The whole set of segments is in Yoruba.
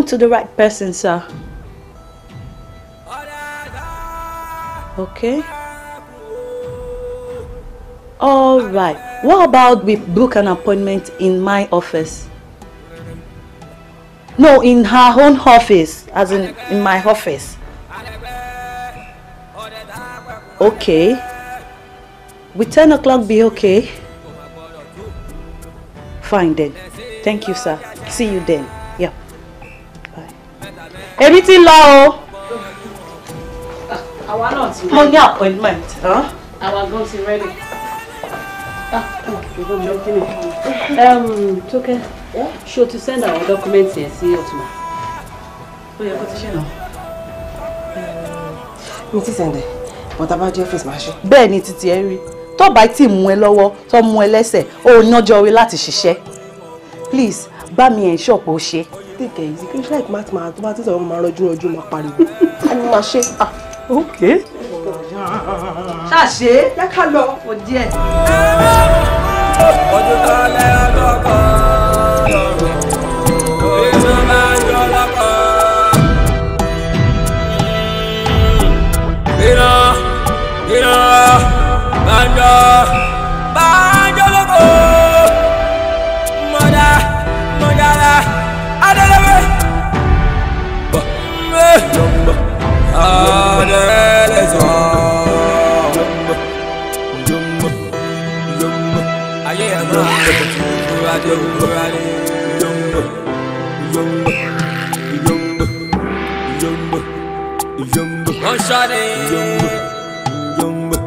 to the right person, sir. Okay. All right. What about we book an appointment in my office? No, in her own office, as in, in my office. Okay. Will 10 o'clock be okay? Fine then. Thank you, sir. See you then. èmi ti lọ o. àwa náà ti rẹ. mo ní appointment. àwa gan ti rẹ ah, oh, ni. Ehm, tókẹ́ ṣé o ti send our documents yẹn sí ọ̀túnmọ̀? ó yẹ kó ti ṣe ehm, náà. mi ti sẹ̀ndẹ̀ bọ́tà bá jẹ́ face machine. bẹ́ẹ̀ ni títí ẹ rí tó bá ti mú ẹ lọ́wọ́ tó mú ẹ lẹ́sẹ̀ ó nájọ́ orí láti ṣiṣẹ́ please bá mi ẹ̀ ṣọ̀pọ̀ ṣe take easy kí n ṣe láìpẹ́ ti máa tó bá ti sọ̀rọ̀ máa rọjú rọjú máa pariwo a ní máa ṣe. Ah. ok. ṣàṣe yá ká lọ òdì ẹ̀. ọdún tó lẹ́yìn ọgọ́kọ̀ọ́. One shot it,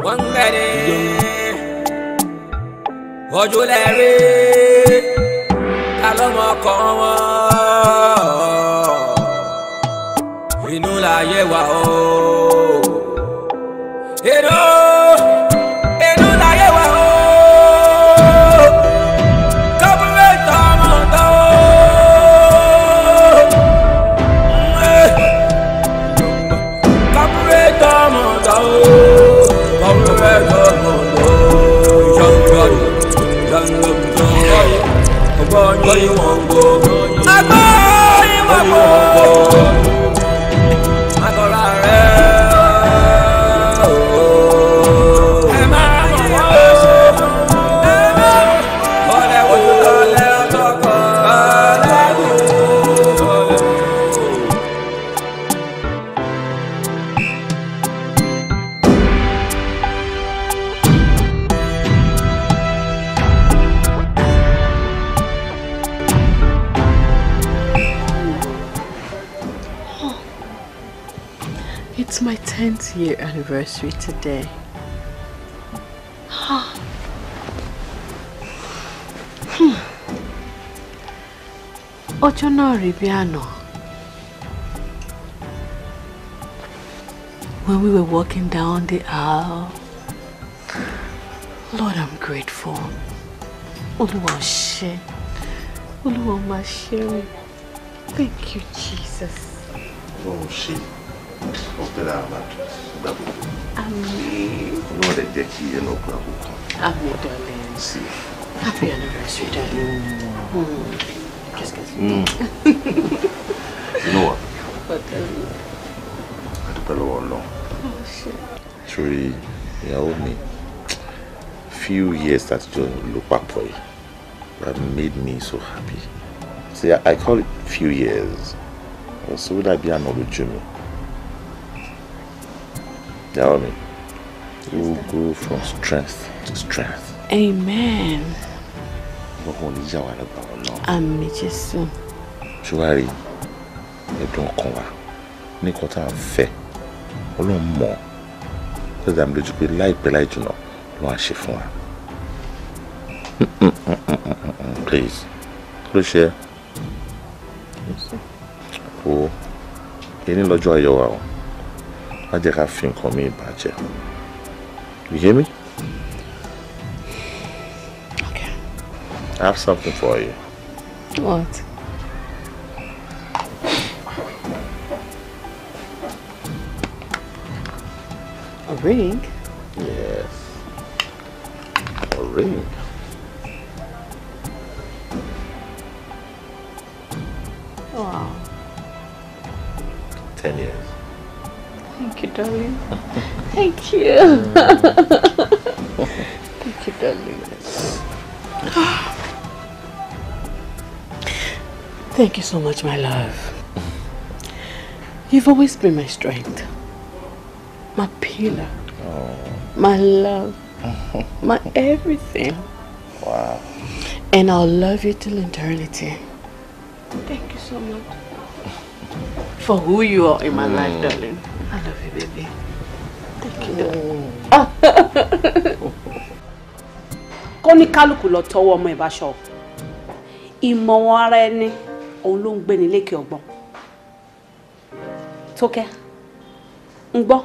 one get it, ojú lẹ́rìí, ta ló mọ ọkọ̀ wọn? Inú láyé wa ooo. anniversary today. Hmm. ọjọ́ náà rí When we were walking down the aisle, Lord, I'm grateful. Olúwa o Olúwa mà Thank you, Jesus. Olúwa o ṣé. Hope nígbà gbogbo. Olúwa rẹ̀ jẹ́ kí ẹnu ọkùn àkókò. Àmì ìdọ̀lẹ̀ sí. Happy anniversary, darling. Mm. Kiss, Mm. you know what? What the? A dúpẹ́ lọ́wọ́ Ọlọ́run. Sori ìyàwó mi, few years that jọ ló papọ̀ yìí that made me so happy. See, I, call it few years. Ó sọ dàbí àná lójú mi. Tell me, you go from strength to strength. Amen. Gbogbo ní yà wá lọ́gbàá ọlọ́run. Àmì Jésù. Ṣùwárí ẹ̀dùn ọkàn wa ní nǹkan tá à ń fẹ́ ọlọ́run mọ̀ ọ́ ṣẹ́dá mi lójú pé láìpẹ́ láì jùlọ ló wá ṣe fún wa. Please, ló ṣe Who? Wo, èyí ní lọ́jọ́ ayọ̀ wa o. má have ká fi nǹkan mi ìbàjẹ́ you hear me. okay. I have something for you. what. A ring? Yes. A ring. cute. Thank you so much, my love. You've always been my strength, my pillar, oh. my love, my everything. Wow. And I'll love you till eternity. Thank you so much for who you are in my life, mm. darling. kó ní kálukú lọ tọwọ́ ọmọ ìbáṣọ ìmọ̀wọ̀n ara ẹni òun ló ń gbé ní lékè ọgbọ́n tókẹ́ ń gbọ́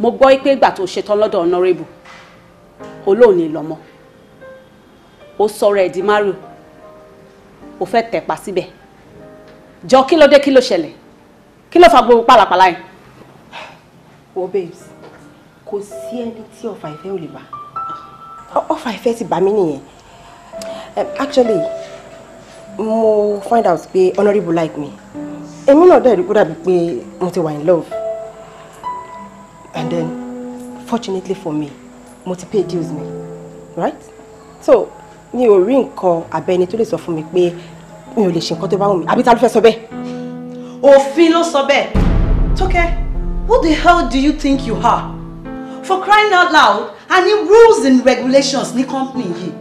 mo gbọ́ pé ìgbà tó ṣetán lọ́dọ̀ ọ̀nàrẹ́bù olóòní lọ́mọ ó sọ̀rọ̀ ẹ̀dí márùn ó fẹ́ tẹ̀pa síbẹ̀ jọ kí ló dé kí ló ṣẹlẹ̀ kí ló fa gbogbo pàlàpàlà yẹn. babes kò sí ẹni tí ọ̀fà ìfẹ́ ò lè bá ọ̀fà ìfẹ́ ti bà mí nìyẹn actually mo find out pé honourable like me èmi náà dẹ̀ rí kó dàbí pé mo ti wà in love and then fortunately for me mo ti pay dues mi right so mi ò rí nǹkan abẹ́ni tó lè sọ fún mi pé mi ò lè ṣe nǹkan tó bá wù mí àbí ta ló fẹ́ sọ bẹ́ẹ̀. òfin ló sọ bẹ́ẹ̀ tókẹ́ what the hell do you think you are for crying out loud a ní rules and regulations ní company yìí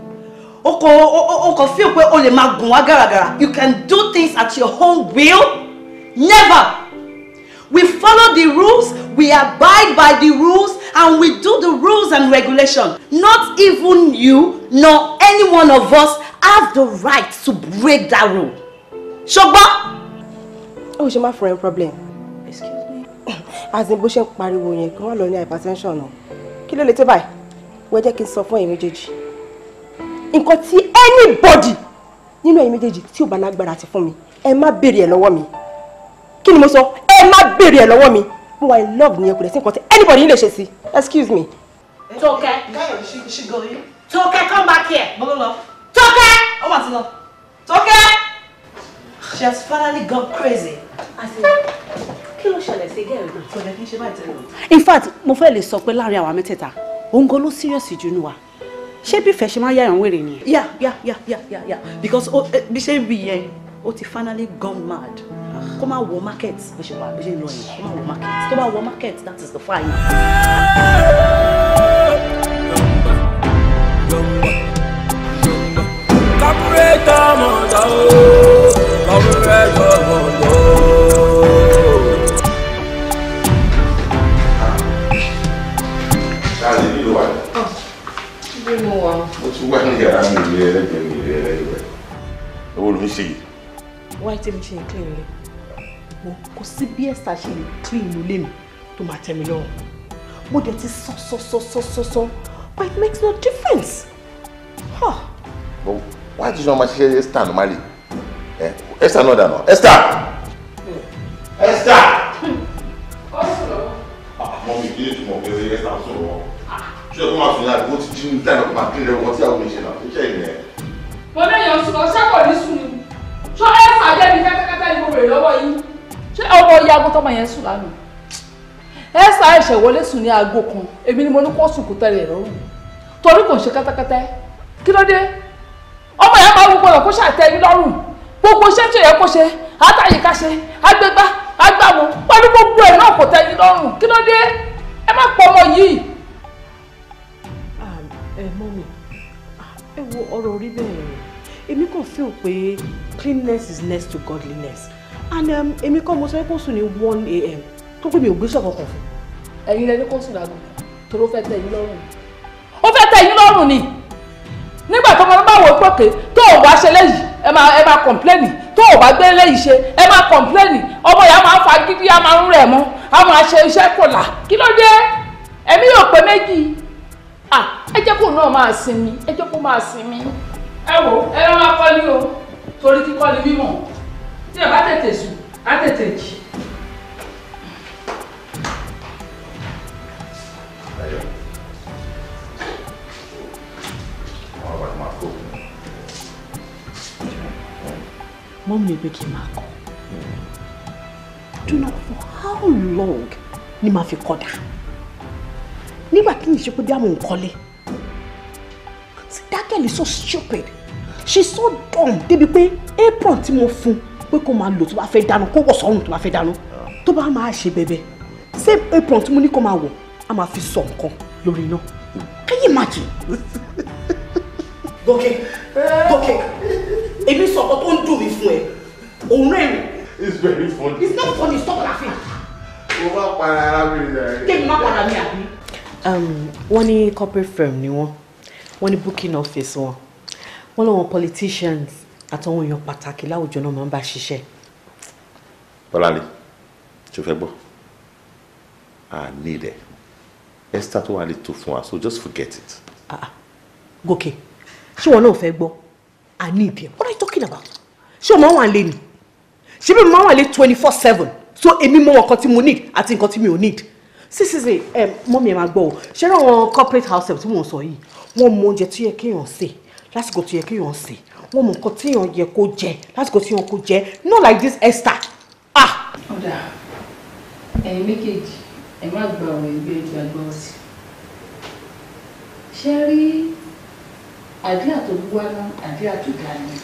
o kò o kò feel pé o le máa gùn wá gàràgàrà you can do things at your own will never we follow the rules we abide by the rules and we do the rules and regulations not even you nor any one of us have the right to break that rule ṣùgbọ́n. ó ṣe máa fọ̀rọ̀ problem as in bó ṣe pariwo yẹn kí wọ́n lọ ní hypertension náà kí ló lè tó báyìí wọ́n jẹ́ kí n sọ fún ẹ̀yin méjèèjì nǹkan anybody nínú ẹ̀yin méjèèjì tí ò bá lágbára ti fún mi ẹ má béèrè ẹ̀ lọ́wọ́ mi kí ni mo sọ ẹ má béèrè ẹ̀ lọ́wọ́ mi mo wà in love nìyẹn kò dẹ̀ sí nǹkan tí anybody yín lè ṣe sí excuse me. tókẹ́ tókẹ́ come back here tókẹ́ ó mà ti lọ tókẹ́. she has finally gone crazy kí ló ṣẹlẹ̀ sí gẹ̀rẹ́ náà tó lè fi ṣe báyìí tẹ́lẹ̀. in fact mo fẹ́ lè sọ pé láàrin àwa mẹ́tẹ̀ẹ̀ta òun gan ló serious jù nù wa ṣé bí ìfẹ́ ṣe máa ń yáyàn wèrè nìyẹn. yà yà yà yà yà yà because bí ṣe ń bi yẹn ó ti finally gone mad kó má wọ market bó ṣe wà bó ṣe ń lọ yẹn kó má wọ market tó bá wọ market that is the fine. kábúrẹ́tà mọ̀tà ó kábúrẹ́tà mọ̀tà ó. ó ti wá clean ilé mo kò sí bí ẹ̀sà clean ilé mi tó máa tẹ́ mi lọ́rùn mo dẹ̀ ti sọ sọ sọ sọ but it makes no difference. But why did you not ṣe Esther normally eh? Esther no, no, Esther. Hmm. Esther. mọ̀ hmm. ah, mi kí ètò mọ̀ pé Esther sọ̀rọ̀ ṣé o máa sùn ní àdúgbò ti dín ní táyà kó máa kílẹ̀ wọn tí àwọn oníṣẹ́ náà ṣe ìyẹn. mo ní sùn ọṣẹ́ kò ní sùn ni ṣọ ẹ ṣàjẹ́ mi kẹ́kẹ́kẹ́ ni mo rè lọ́wọ́ yìí. ṣé ọmọ ìyá agbó tọmọ yẹn sùn lánàá ẹ ṣà ẹ̀ṣẹ̀ wọlé sùn ní aago kan èmi ni mo ní kó sùn kó tẹ̀lé lọ́rùn torí kò ń ṣe kẹ́tẹ́kẹ́tẹ́ kí ló dé ọmọ ìyá máa wúkọ lọ kó ṣàtẹ́ yín lọ́rùn gbogbo iṣẹ́ tí ó yẹ kó ṣe àtàyíká ṣe agbégbá agbáwo pẹ̀lú gbogbo ẹ̀ náà kò tẹ́ lọ́rùn kí ló dé ẹ má pọ̀ ọmọ yìí ẹ wo ọ̀rọ̀ orí bẹ́ẹ̀ èmi kàn feel pé cleanliness is next to godliness and um, èmi kàn mo sọ pé kó sùn ní one a.m. tó pé mi ò gbéṣẹ́ kankan fún. ẹ̀yin lẹni kó sùn dàgbà tó ló fẹ́ tẹ́ yín lọ́rùn ó fẹ́ tẹ́ yín lọ́rùn ni nígbà tó máa bá wọ pọ̀kẹ́ tó ò wá ṣe lẹ́yìn ẹ máa ẹ máa kọ̀ǹpléènì tó ò bá gbé lẹ́yìn ṣe ẹ máa kọ̀ǹpléènì ọmọ yà máa fa gidi a máa ń rẹ̀ mọ́ a máa ṣe iṣẹ́ kò kí ló dé ẹ̀mí yóò pé méjì Ah, ẹ jẹ́ kó náà máa sinmi ẹ jẹ́ kó máa sinmi. ẹ wo ẹ lọ máa kọ́ o torí kíkọ́ ni mímọ̀ tí ẹ bá tètè sùn á tètè jì. mọ́mí ẹ pé kí n máa kọ́ do not for how long ni màá fi kọ́ nígbà tí mi ṣe pé bí nkọ́lé that girl is so stupid she is so dumb débi pé apron tí mo fún pé kó máa lò tó bá fẹ́ dáná kó wọ̀ sọ́run tó bá fẹ́ dáná tó bá máa ṣe bẹ̀bẹ̀ same apron tí mo ní kó máa wọ̀ a máa fi sọ nǹkan lórí iná can you imagine. gòkè gòkè èmi sọ ọkọ tó ń dùn mí fún ẹ òun rẹ rìn. it's very funny. it's not funny stop laughing. mo máa para ara mi rẹ. kéèmí má para mi àbí. Um, wọ́n ní corporate firm ni wọ́n wọ́n ní booking office wọn wọ́n lọ́wọ́ politicians àtọ́wọ́n èèyàn pàtàkì láwùjọ náà máa ń bá ṣiṣẹ́. bọ́láńlé tó fẹ́ gbọ́ i need it esther tó wà lè tó fún wa so just forget it. Ah, ah. gòkè ṣé wọn náà fẹ́ gbọ́ i need it what are you talking about ṣé o máa wà lé ni ṣé bí mo máa wà lé twenty four seven so èmi mọ nǹkan tí mo need àti nǹkan tí mi ò need sí sí sí ẹ mọ mi ẹ máa gbọ́ o ṣé náà wọn corporate house help tí mò ń sọ yìí wọ́n mọ oúnjẹ tó yẹ kéèyàn sè lásìkò tó yẹ kéèyàn sè wọ́n mọ nǹkan téèyàn yẹ kó jẹ lásìkò téèyàn kó jẹ not like this Esther ah. ọ̀dà ẹ̀yin méjèèjì ẹ má gba ọ̀rọ̀ ìgbé ojú àgbà ọ̀sìn ṣe rí àdíà tó gbúwá náà àdíà tó ga ni.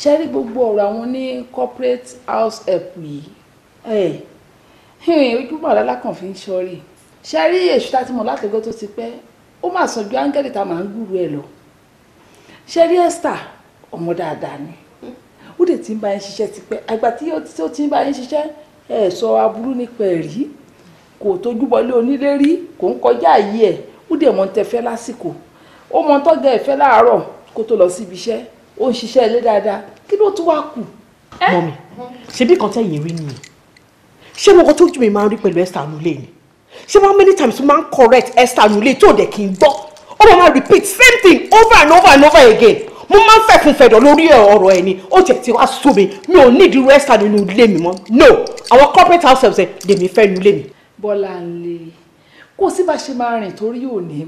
ṣe rí gbogbo ọ̀rọ̀ àwọn ní corporate house help yìí eh, ojú bàrà lákàn fi ń ṣọrí ṣe rí èṣù tá ti mọ̀ látọ̀gọ́ tó ti pẹ́ ó mà sọ ju áńgẹ́lì tá máa ń gbúrú ẹ̀ lọ ṣe rí Esther ọmọ dáadáa ni ó dẹ̀ ti ń bá yín ṣiṣẹ́ tipẹ́ àgbà tí ó ti ń bá yín ṣiṣẹ́ ẹ̀ sọ aburú nípa ẹ̀ rí kò tójú bọlé onílé rí kò ń kọjá àyè ẹ̀ ó dẹ̀ mọ̀ ń tẹ fẹ́ lásìkò ó mọ̀ ń tọ́gẹ̀ ẹ̀ fẹ́ láàárọ̀ kó tó lọ síbi iṣẹ́ ó ń ṣiṣẹ́ ilé dáadáa kí ló tún wá kù. mọ̀mí ṣebí kan tẹ́yìn rí nìyẹn ṣé mo kọ́ tó jù mí máa ń rí pẹ̀lú Esther nulẹ̀ ni ṣé how many times mo máa ń correct Esther nulẹ̀ tó dẹ̀ kí n gbọ́ ó máa repeat same thing over and over and over again mo máa ń fẹ̀kùn fẹ̀dọ̀ lórí ọ̀rọ̀ ẹ̀ ni ó jẹ̀ tí wàá sọ mi mi ò ní ìdírú Esther nínú ilé mi mọ́ no àwọn corporate house helps ẹ̀ lèmi fẹ́ nu ilé mi. bọ́lá ń lè kó sí bá ṣe máa rìn torí ò ní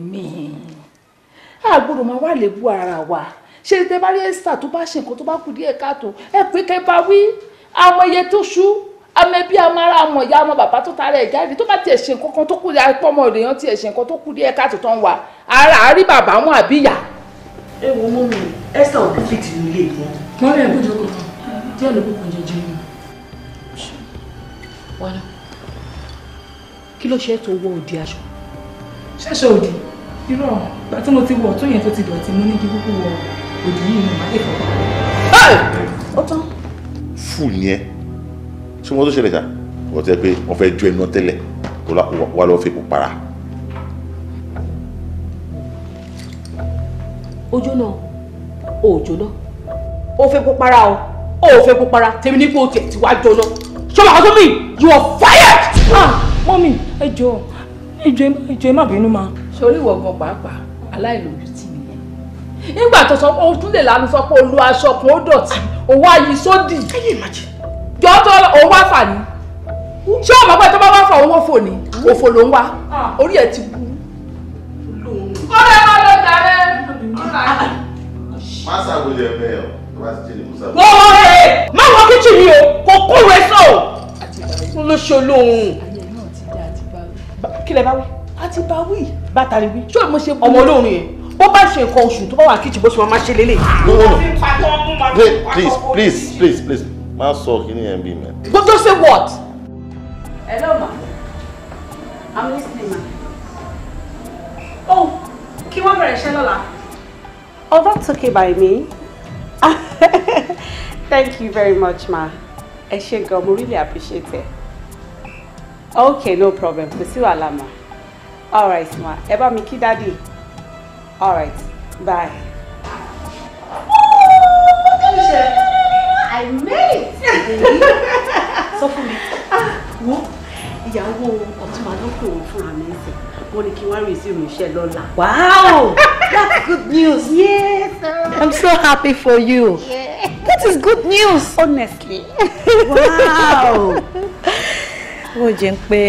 a gbọ́dọ̀ máa wà lébú ara wa ṣe tẹ bá rí Esther tó bá ṣe nǹkan tó bá kù díẹ̀ káàtó ẹ pé kẹ bá wí àwọn iye tó ṣú a amẹbi amara amọ ìyá ọmọ bàbá tó tara ẹ jáde tó bá tiẹ̀ ṣe nǹkan kan tó kù díẹ̀ pọmọ èèyàn tiẹ̀ ṣe nǹkan tó kù díẹ̀ káàtó tán wà ara àárí bàbá wọn àbí ìyá. ẹ wo mú mi esther ò fi tì nílé ìgbọ́n. wọn lè gbọdọ kọ díẹ̀ ló kọkàn jẹjẹ mi. wàhálà kí ló ṣe é tó wọ òdi aṣọ. ṣẹṣẹ òdi irọ́ ìgbà tí mo ti wọ̀ tó yẹn tó ti dọ̀tí mo ní kí kúkú wọ òdi yìí ní màdé kọ. ó tán. fún ni ẹ ṣé wọ́n tó ṣẹlẹ̀ sá wọ́n ti rẹ pé wọ́n fẹ́ ju ẹnu tẹ́lẹ̀ tó wá lọ́ọ́ fi kù para. ojú náà o ò jóná o ò fẹ́ kó para o o ò fẹ́ kó para tèmi ní kó o tiẹ̀ ti wá jóná ṣọlá ọdún mi you are fired. ah mọ́mí ẹ jọ ẹ jọ ẹ jọ ẹ má bínú ma. sori ìwọ gan pàápàá aláìlójútì nìyẹn nígbà tó sọ pé o tún lè lanu sọ pé o lu aṣọ kan ó dọ̀tí òun àyè sódì. káyé ìmájì jọ tó òun wá fà ní ṣé ọmọ pé tó bá wá fà òun òfò ní òfò ló ń wá ah. Ah. orí ẹ ti kú. ó lè má lọ jàre. má ṣàwọlé ẹgbẹ́ ẹ̀ tó bá ti jẹ́ ní musa. wọ́n wọ́n rẹ̀ má wọ kíchì mi o kò kú rẹ̀ sọ o olóṣèlú olóhùn. kílẹ̀ bá wí. a ti bá wí. bàtà ni wí. ṣé o mo ṣe ọmọ olóhùn yẹn bó bá ṣe nǹkan oṣù tó bá wà kíchì bó ṣe máa ṣe lélẹ̀. no no no please please please please má sọ kí ni ẹ̀ but don't say what. hello ma i'm listening ma. oh kí wọ́n bẹ̀rẹ̀ iṣẹ́ lọ́la. oh that's okay by me. thank you very much ma ẹ ṣé really appreciate it. okay no problem kò sí wàhálà ma alright ma ẹ bá mi kí dádì alright bye. kí I made it. Sọ fún mi. Wo ìyàwó ọ̀túnba lọ́kùn òun fúnra mi ń sìn. Wọ́n ní kí wọ́n rìn sí ìrìnsẹ̀ lọ́la. Wow! That's good news. Yes. Sir. I'm so happy for you. Yeah. That is good news. Honestly. Wow. Ó jẹ́ pé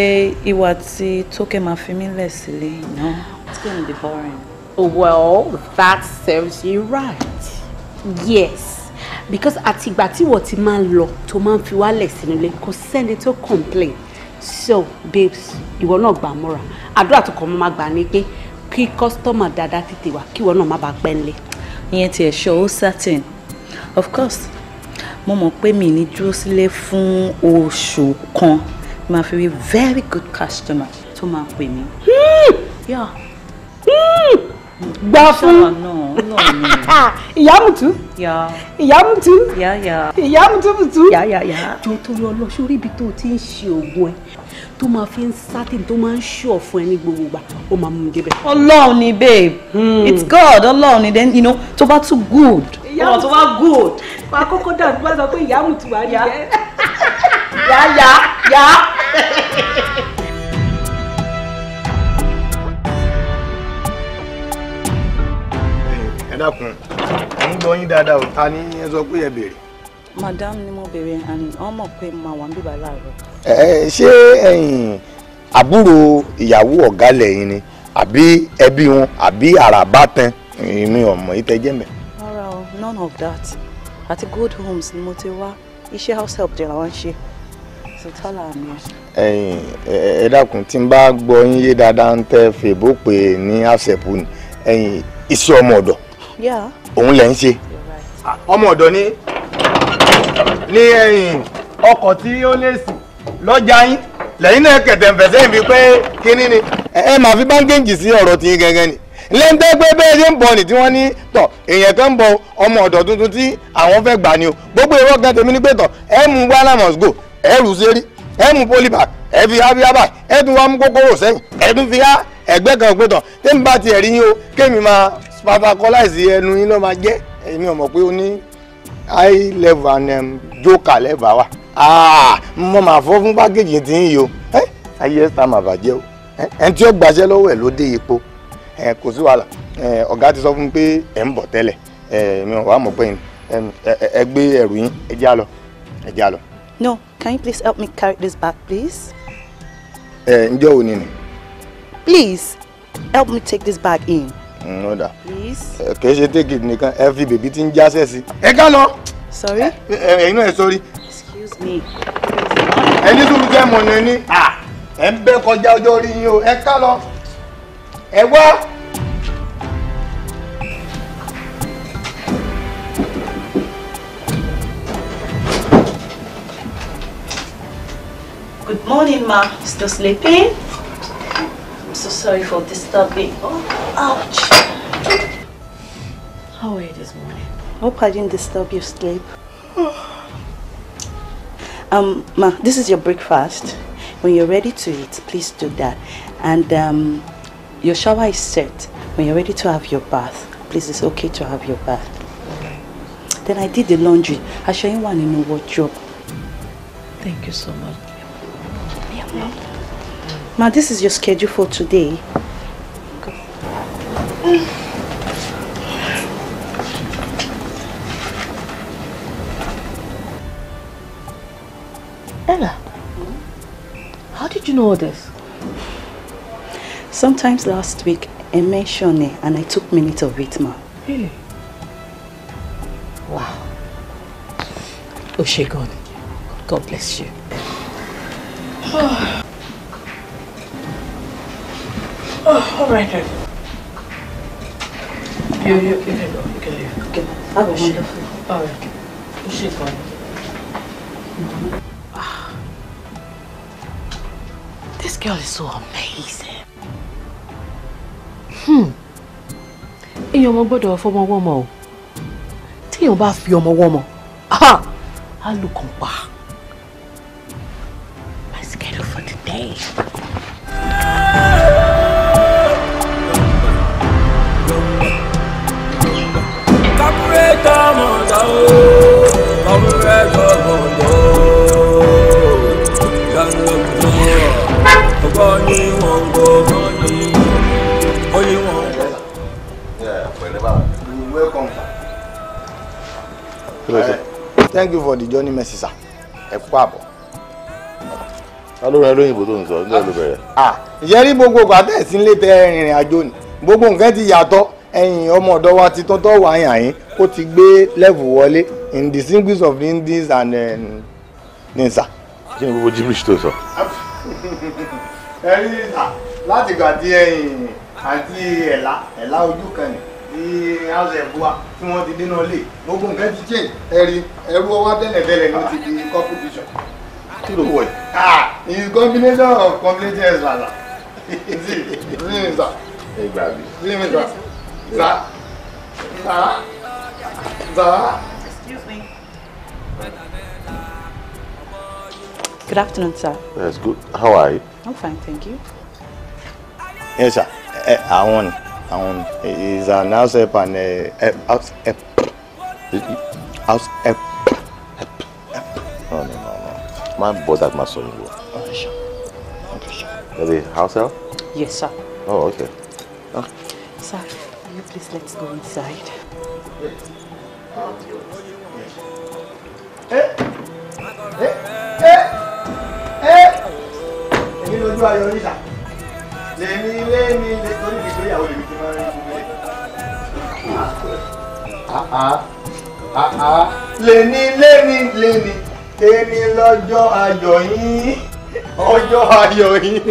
ìwà tí Tókè máa fi mí lẹ̀ sílé iná. It's gonna be boring. Well, that serves you right. Yes because àtìgbà tí wọ́n ti máa ń lọ tó máa ń fi wálẹ̀ sínú ilé kò sẹ́ni tó complain so babes ìwọ náà gbà mọ́ra àdúrà tó kàn mọ́ máa gbà ni pé kí kọ́sítọ́mà dáadáa tètè wá kí ìwọ náà má bàa pẹ́ nílé. ìyẹn tiẹ̀ sọ ó certain of course mo mọ̀ pé mi ní dúró sílé fún oṣù kan máa fi rí very good customer tó máa pè mí. Hmm! yeah gbà fún ìyámùtú ìyámùtú ìyámùtú mùtú. jọ torí ọlọ́ṣọ́ orí ibi tó o ti ń ṣe oògùn ẹ tó máa fi ń sátìn tó máa ń ṣọ̀ fún ẹni gbogbo gbà ó máa mú mi débẹ̀. ọlọ́run ni babe mm. it's God ọlọ́run ni then you know tó bá tún good. ìyá tó bá good. wà á kọ́kọ́ dàbí wọ́n sọ pé ìyá mùtù wà á yá. yá yá yá. dákun ń gbọ́ yín dáadáa ò ta ni ẹ sọ pé ẹ béèrè. madam ni mo béèrè and wọn pé mo máa wà níbí bàbá rẹ. ẹ ṣé àbúrò ìyàwó ọ̀gá lẹ́yìn ni àbí ẹbí wọn àbí àràbá tán èmi ọmọ yìí tẹ jẹ́ mẹ́. rárá none of that àti good homes ni mo ti wá iṣẹ́ house help dẹ̀ làwọn ṣe tọ́lá mi. ẹ̀yin ẹ dákun tí n bá gbọ́ yín yé dáadáa ń tẹ́ fèbó pè ní àṣẹ̀pù ni ẹ̀yin iṣẹ́ ọmọ ọ̀dọ̀ òun lẹ̀ ń ṣe ọmọ ọ̀dọ́ ní ní ẹ̀yìn ọkọ̀ tí ó lè sìn lọ́jà yín lẹ́yìn náà kẹ̀tẹ̀ǹfẹ̀ sẹ́yìn bíi pé kínní ni. ẹ ẹ màá fi báńkéèjì sí ọ̀rọ̀ tí yín gẹ́gẹ́ ni lẹ́ńtẹ́ pé bẹ́ẹ̀ ṣe ń bọ̀ ni tí wọ́n ní tọ̀ èèyàn kan ń bọ ọmọ ọ̀dọ̀ tuntun tí àwọn fẹ́ gbà ni o gbogbo ìwọ kan tèmi ní pé tọ̀ ẹ mú wàhálà must go ẹ rù sẹ́rí ẹ mú polybag ẹ fi ha fi ha báyìí ẹ tún wá mú kókóró sẹ́yìn ẹ tún fi ha ẹgbẹ́ kan pé tọ̀ tẹ́mi bá tiẹ̀ rí yín o kémi máa spatacolized ẹnu yín ló máa jẹ́ èmi ò pé ó ní high level and um, joker level wa ah, mo máa fọ́ fún pákéjì tí ń yí o ayé ẹ̀ta máa bàjẹ́ o ẹni tí ó gbàṣẹ́ lọ́wọ́ ẹ̀ ló dé ipò kò sí wàhálà ọ̀gá ti sọ fún mi pé ẹ̀ ń bọ̀ tẹ́lẹ̀ mi ò mọ̀ pé ẹ gbé ẹrù yín ẹ já lọ ẹ já lọ. no can you please help me carry this bag please. ẹ ǹjọ́ wo ni. please help me take this bag in no mm, da kì í ṣe take it every baby ti just jásẹ̀ sí. ẹ sorry. ẹyin náà ẹ sọrí. excuse me. ẹni tó lu jẹ́ mọ̀nà ni ẹ ń bẹ́ kọjá ọjọ́ orí yín o Good morning, ma. Still sleeping? so sorry for disturbing. Oh, ouch. How are you this morning? Hope I didn't disturb your sleep. um, ma, this is your breakfast. When you're ready to eat, please do that. And um, your shower is set. When you're ready to have your bath, please, it's okay to have your bath. Then I did the laundry. I sure you want to know what job. Thank you so much. Yeah, Ma, this is your schedule for today. Ella, how did you know all this? Sometimes last week, I mentioned it and I took minutes of it, ma. Really? Wow. Oh, she God. God bless you. All right, then. You, you, you can go. You can leave. Okay. Have a wonderful. All right. You should go. This girl is so amazing. Hmm. In your Èèyàn for my woman? wọ́mọ your bath bá fi woman? wọ́mọ, I look on pa. thank you for the journey mercy sir ẹ kú àbọ̀. alóra lóyìnbó tó ń sọ nígbà ló bẹ̀rẹ̀. ìyẹn ah, ah. rí gbogbo ìgbà tẹ̀ sí ilé tẹ ìrìn àjò ni gbogbo nǹkan ti yàtọ̀ ẹ̀yìn ọmọ ọ̀dọ́ wa ti tọ́tọ́ wà yàn yín ó ti gbé level wọlé in the singles of the indies and ninsa. Um, kí ni gbogbo gibberish tó sọ. ẹ rí níta láti gbà tí ẹ̀yìn àti ẹ̀là ẹ̀là ojú kan nìyẹn house ẹ̀ wa tí wọ́n ti dé náà lè gbogbo nǹkan ti change ẹ̀rí ẹ̀rú ọwọ́ bẹ́lẹ̀bẹ́lẹ̀ ni ó ti di couple vision. kí ló wọ̀ yìí. ah in combination of combination lala. ìgbà mi. sa sa sa. excuse me. Good afternoon, sir. Yes, good. How are you? I'm fine, thank you. Yes, sir. Uh, I want and is an house help and a house help house help help help. No no no no. My brother, my son in law. Okay sure. Okay sure. Is it house help? Yes sir. Oh okay. Oh, Sir, will you please let's go inside. Hey, Hey! Hey! Hey! Hey! Èmi lójú ayọ̀ níta. Lèmi lé mi lé torí ìgbéyàwó mi. Ah, ah. ah, lẹ́ni lẹ́ni lẹ́ni lẹ́ni lọ́jọ́ ayọ̀ yín ọjọ́ ayọ̀ yín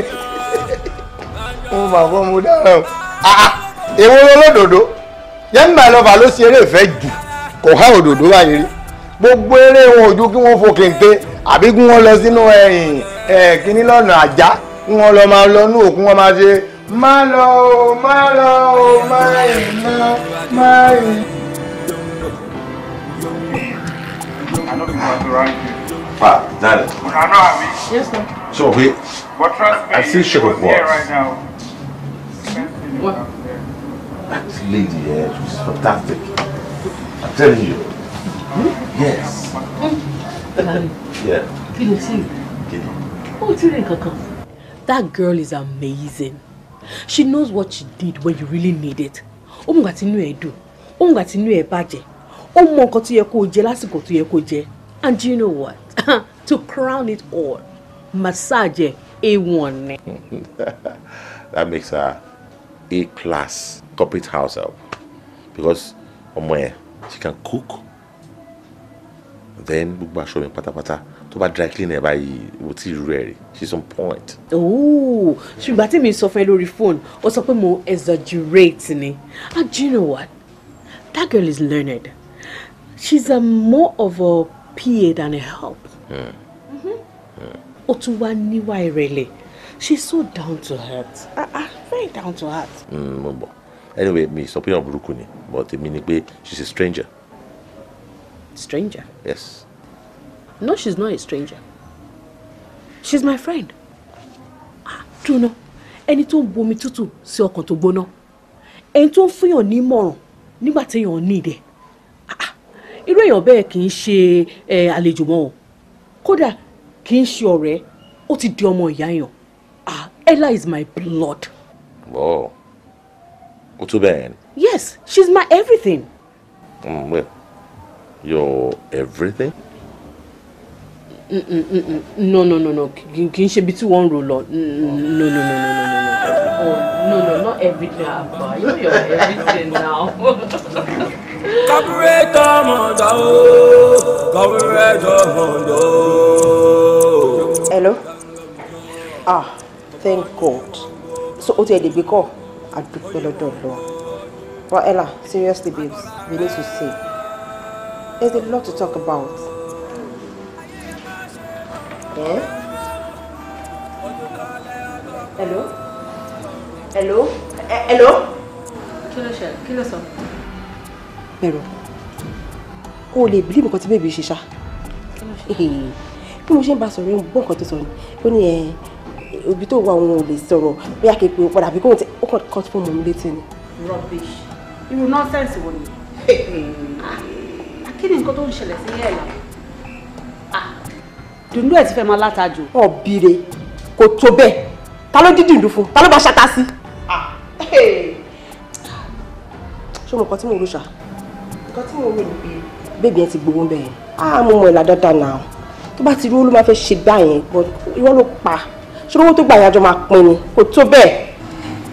mo mà fọ́ mo dára o èwo olódodo yẹ́nbà lọ́ba ló ṣe eré ìfẹ́ jù kò há òdòdó báyìí rí gbogbo eré wọn ojú kí wọ́n fò kéńté àbí kí wọ́n lọ sínú ẹ̀yìn ẹ̀ kíní lọ́nà àjá kí wọ́n lọ máa lọ ní òkun wọn máa ṣe má lọ o má lọ o má ì má má ì. Pa, ah, darling. I know, I mean. Yes, sir. So, wait. But trust me, I see shape what? right now. What? That lady, here she's fantastic. I'm telling you. Hmm? Yes. Darling. Yeah. Can you see? Kaka. That girl is amazing. She knows what she did when you really need it. Ó mọ̀ gbà tí inú ẹ̀ dùn. Ó mọ̀ gbà tí inú ẹ̀ bàjẹ́. Ó mọ nǹkan tó yẹ kó And do you know what? to crown it all, massage A1. that makes her A class corporate house help because ọmọ yẹn she can cook then gbogbo aṣọ pata pata. To bá dry cleaner by báyìí wò tí she's on point. Oh, she tí me sọ fún ẹ lórí fóònù ó sọ pé mo exaggerate ni and do you know what that girl is learned she's a more of a PA than a help. Mm-hmm. Mm-hmm. Ó tún wá níwà She's so down to earth. Uh, very down to earth. Mm, mo bọ̀. Anyway, me sọ pé ọ̀n burúkú but the meaning be she's a stranger. Stranger? Yes. No, she's not a stranger. She's my friend. Ah, Juno, ẹni tó ń bomi tútù sí ọkàn tó gbóná. Ẹni tó ń fúnyàn nímọ̀ràn nígbà téèyàn ní ìdẹ irú èèyàn bẹ́ẹ̀ kì í ṣe àlejò mọ́ o kódà kì í ṣe ọ̀rẹ́ ó ti di ọmọ ìyá yàn ah Ella is my blood. wọ́ọ̀ o tó bẹ́ẹ̀ ni. yes she's my everything. Mm, well your everything. Mm, mm, mm, no no no no kì í ṣe ibi tí wọ́n no no no no no no no oh, no no not everything You're everything now. kọ́pùrẹ́tọ̀ mọ̀dọ̀ o kọ́pùrẹ́tọ̀ mọ̀dọ̀ o. hello ah thank god so o ti ẹ̀ lè gbé kọ́ àdúpẹ́ lọ́dọ̀ lọ Ella, seriously babes we need to see. there's a lot to talk about. Yeah? hello hello eh, hello. kí ló ṣe kí ló sọ. Pero o lè believe nǹkan tí bèbí ṣe ṣá bí mo ṣe ń bá sọ̀rọ̀ ń nǹkan tó sọ ni ó ní òbí tó wà òun ò lè sọ̀rọ̀ bí a kì í pe padà bí kóhun tí ó kàn kọ́ fún mi létí ni. rubbish irú nọ́ọ̀sẹ̀nsì wo ni ah, kí ni nǹkan tó ń ṣẹlẹ̀ sí ẹ̀ là ah, dùndú ẹ̀ ti fẹ́ máa látajù. ọ̀bìrè kò tó bẹ́ẹ̀ ta ló dídì dùn fún ta ló bá ṣata sí. Ah, ṣé mo kọ́ tí mo rò ṣá nǹkan tí mo wò ní pé. yẹn ti ah, mo mọ̀ ìlà dáadáa náà tó bá ti rí olú máa fẹ́ ṣe gbà yẹn gbọ́ ló pa ṣé owó tó gbà yàjọ máa pin ni kò tó bẹ́ẹ̀.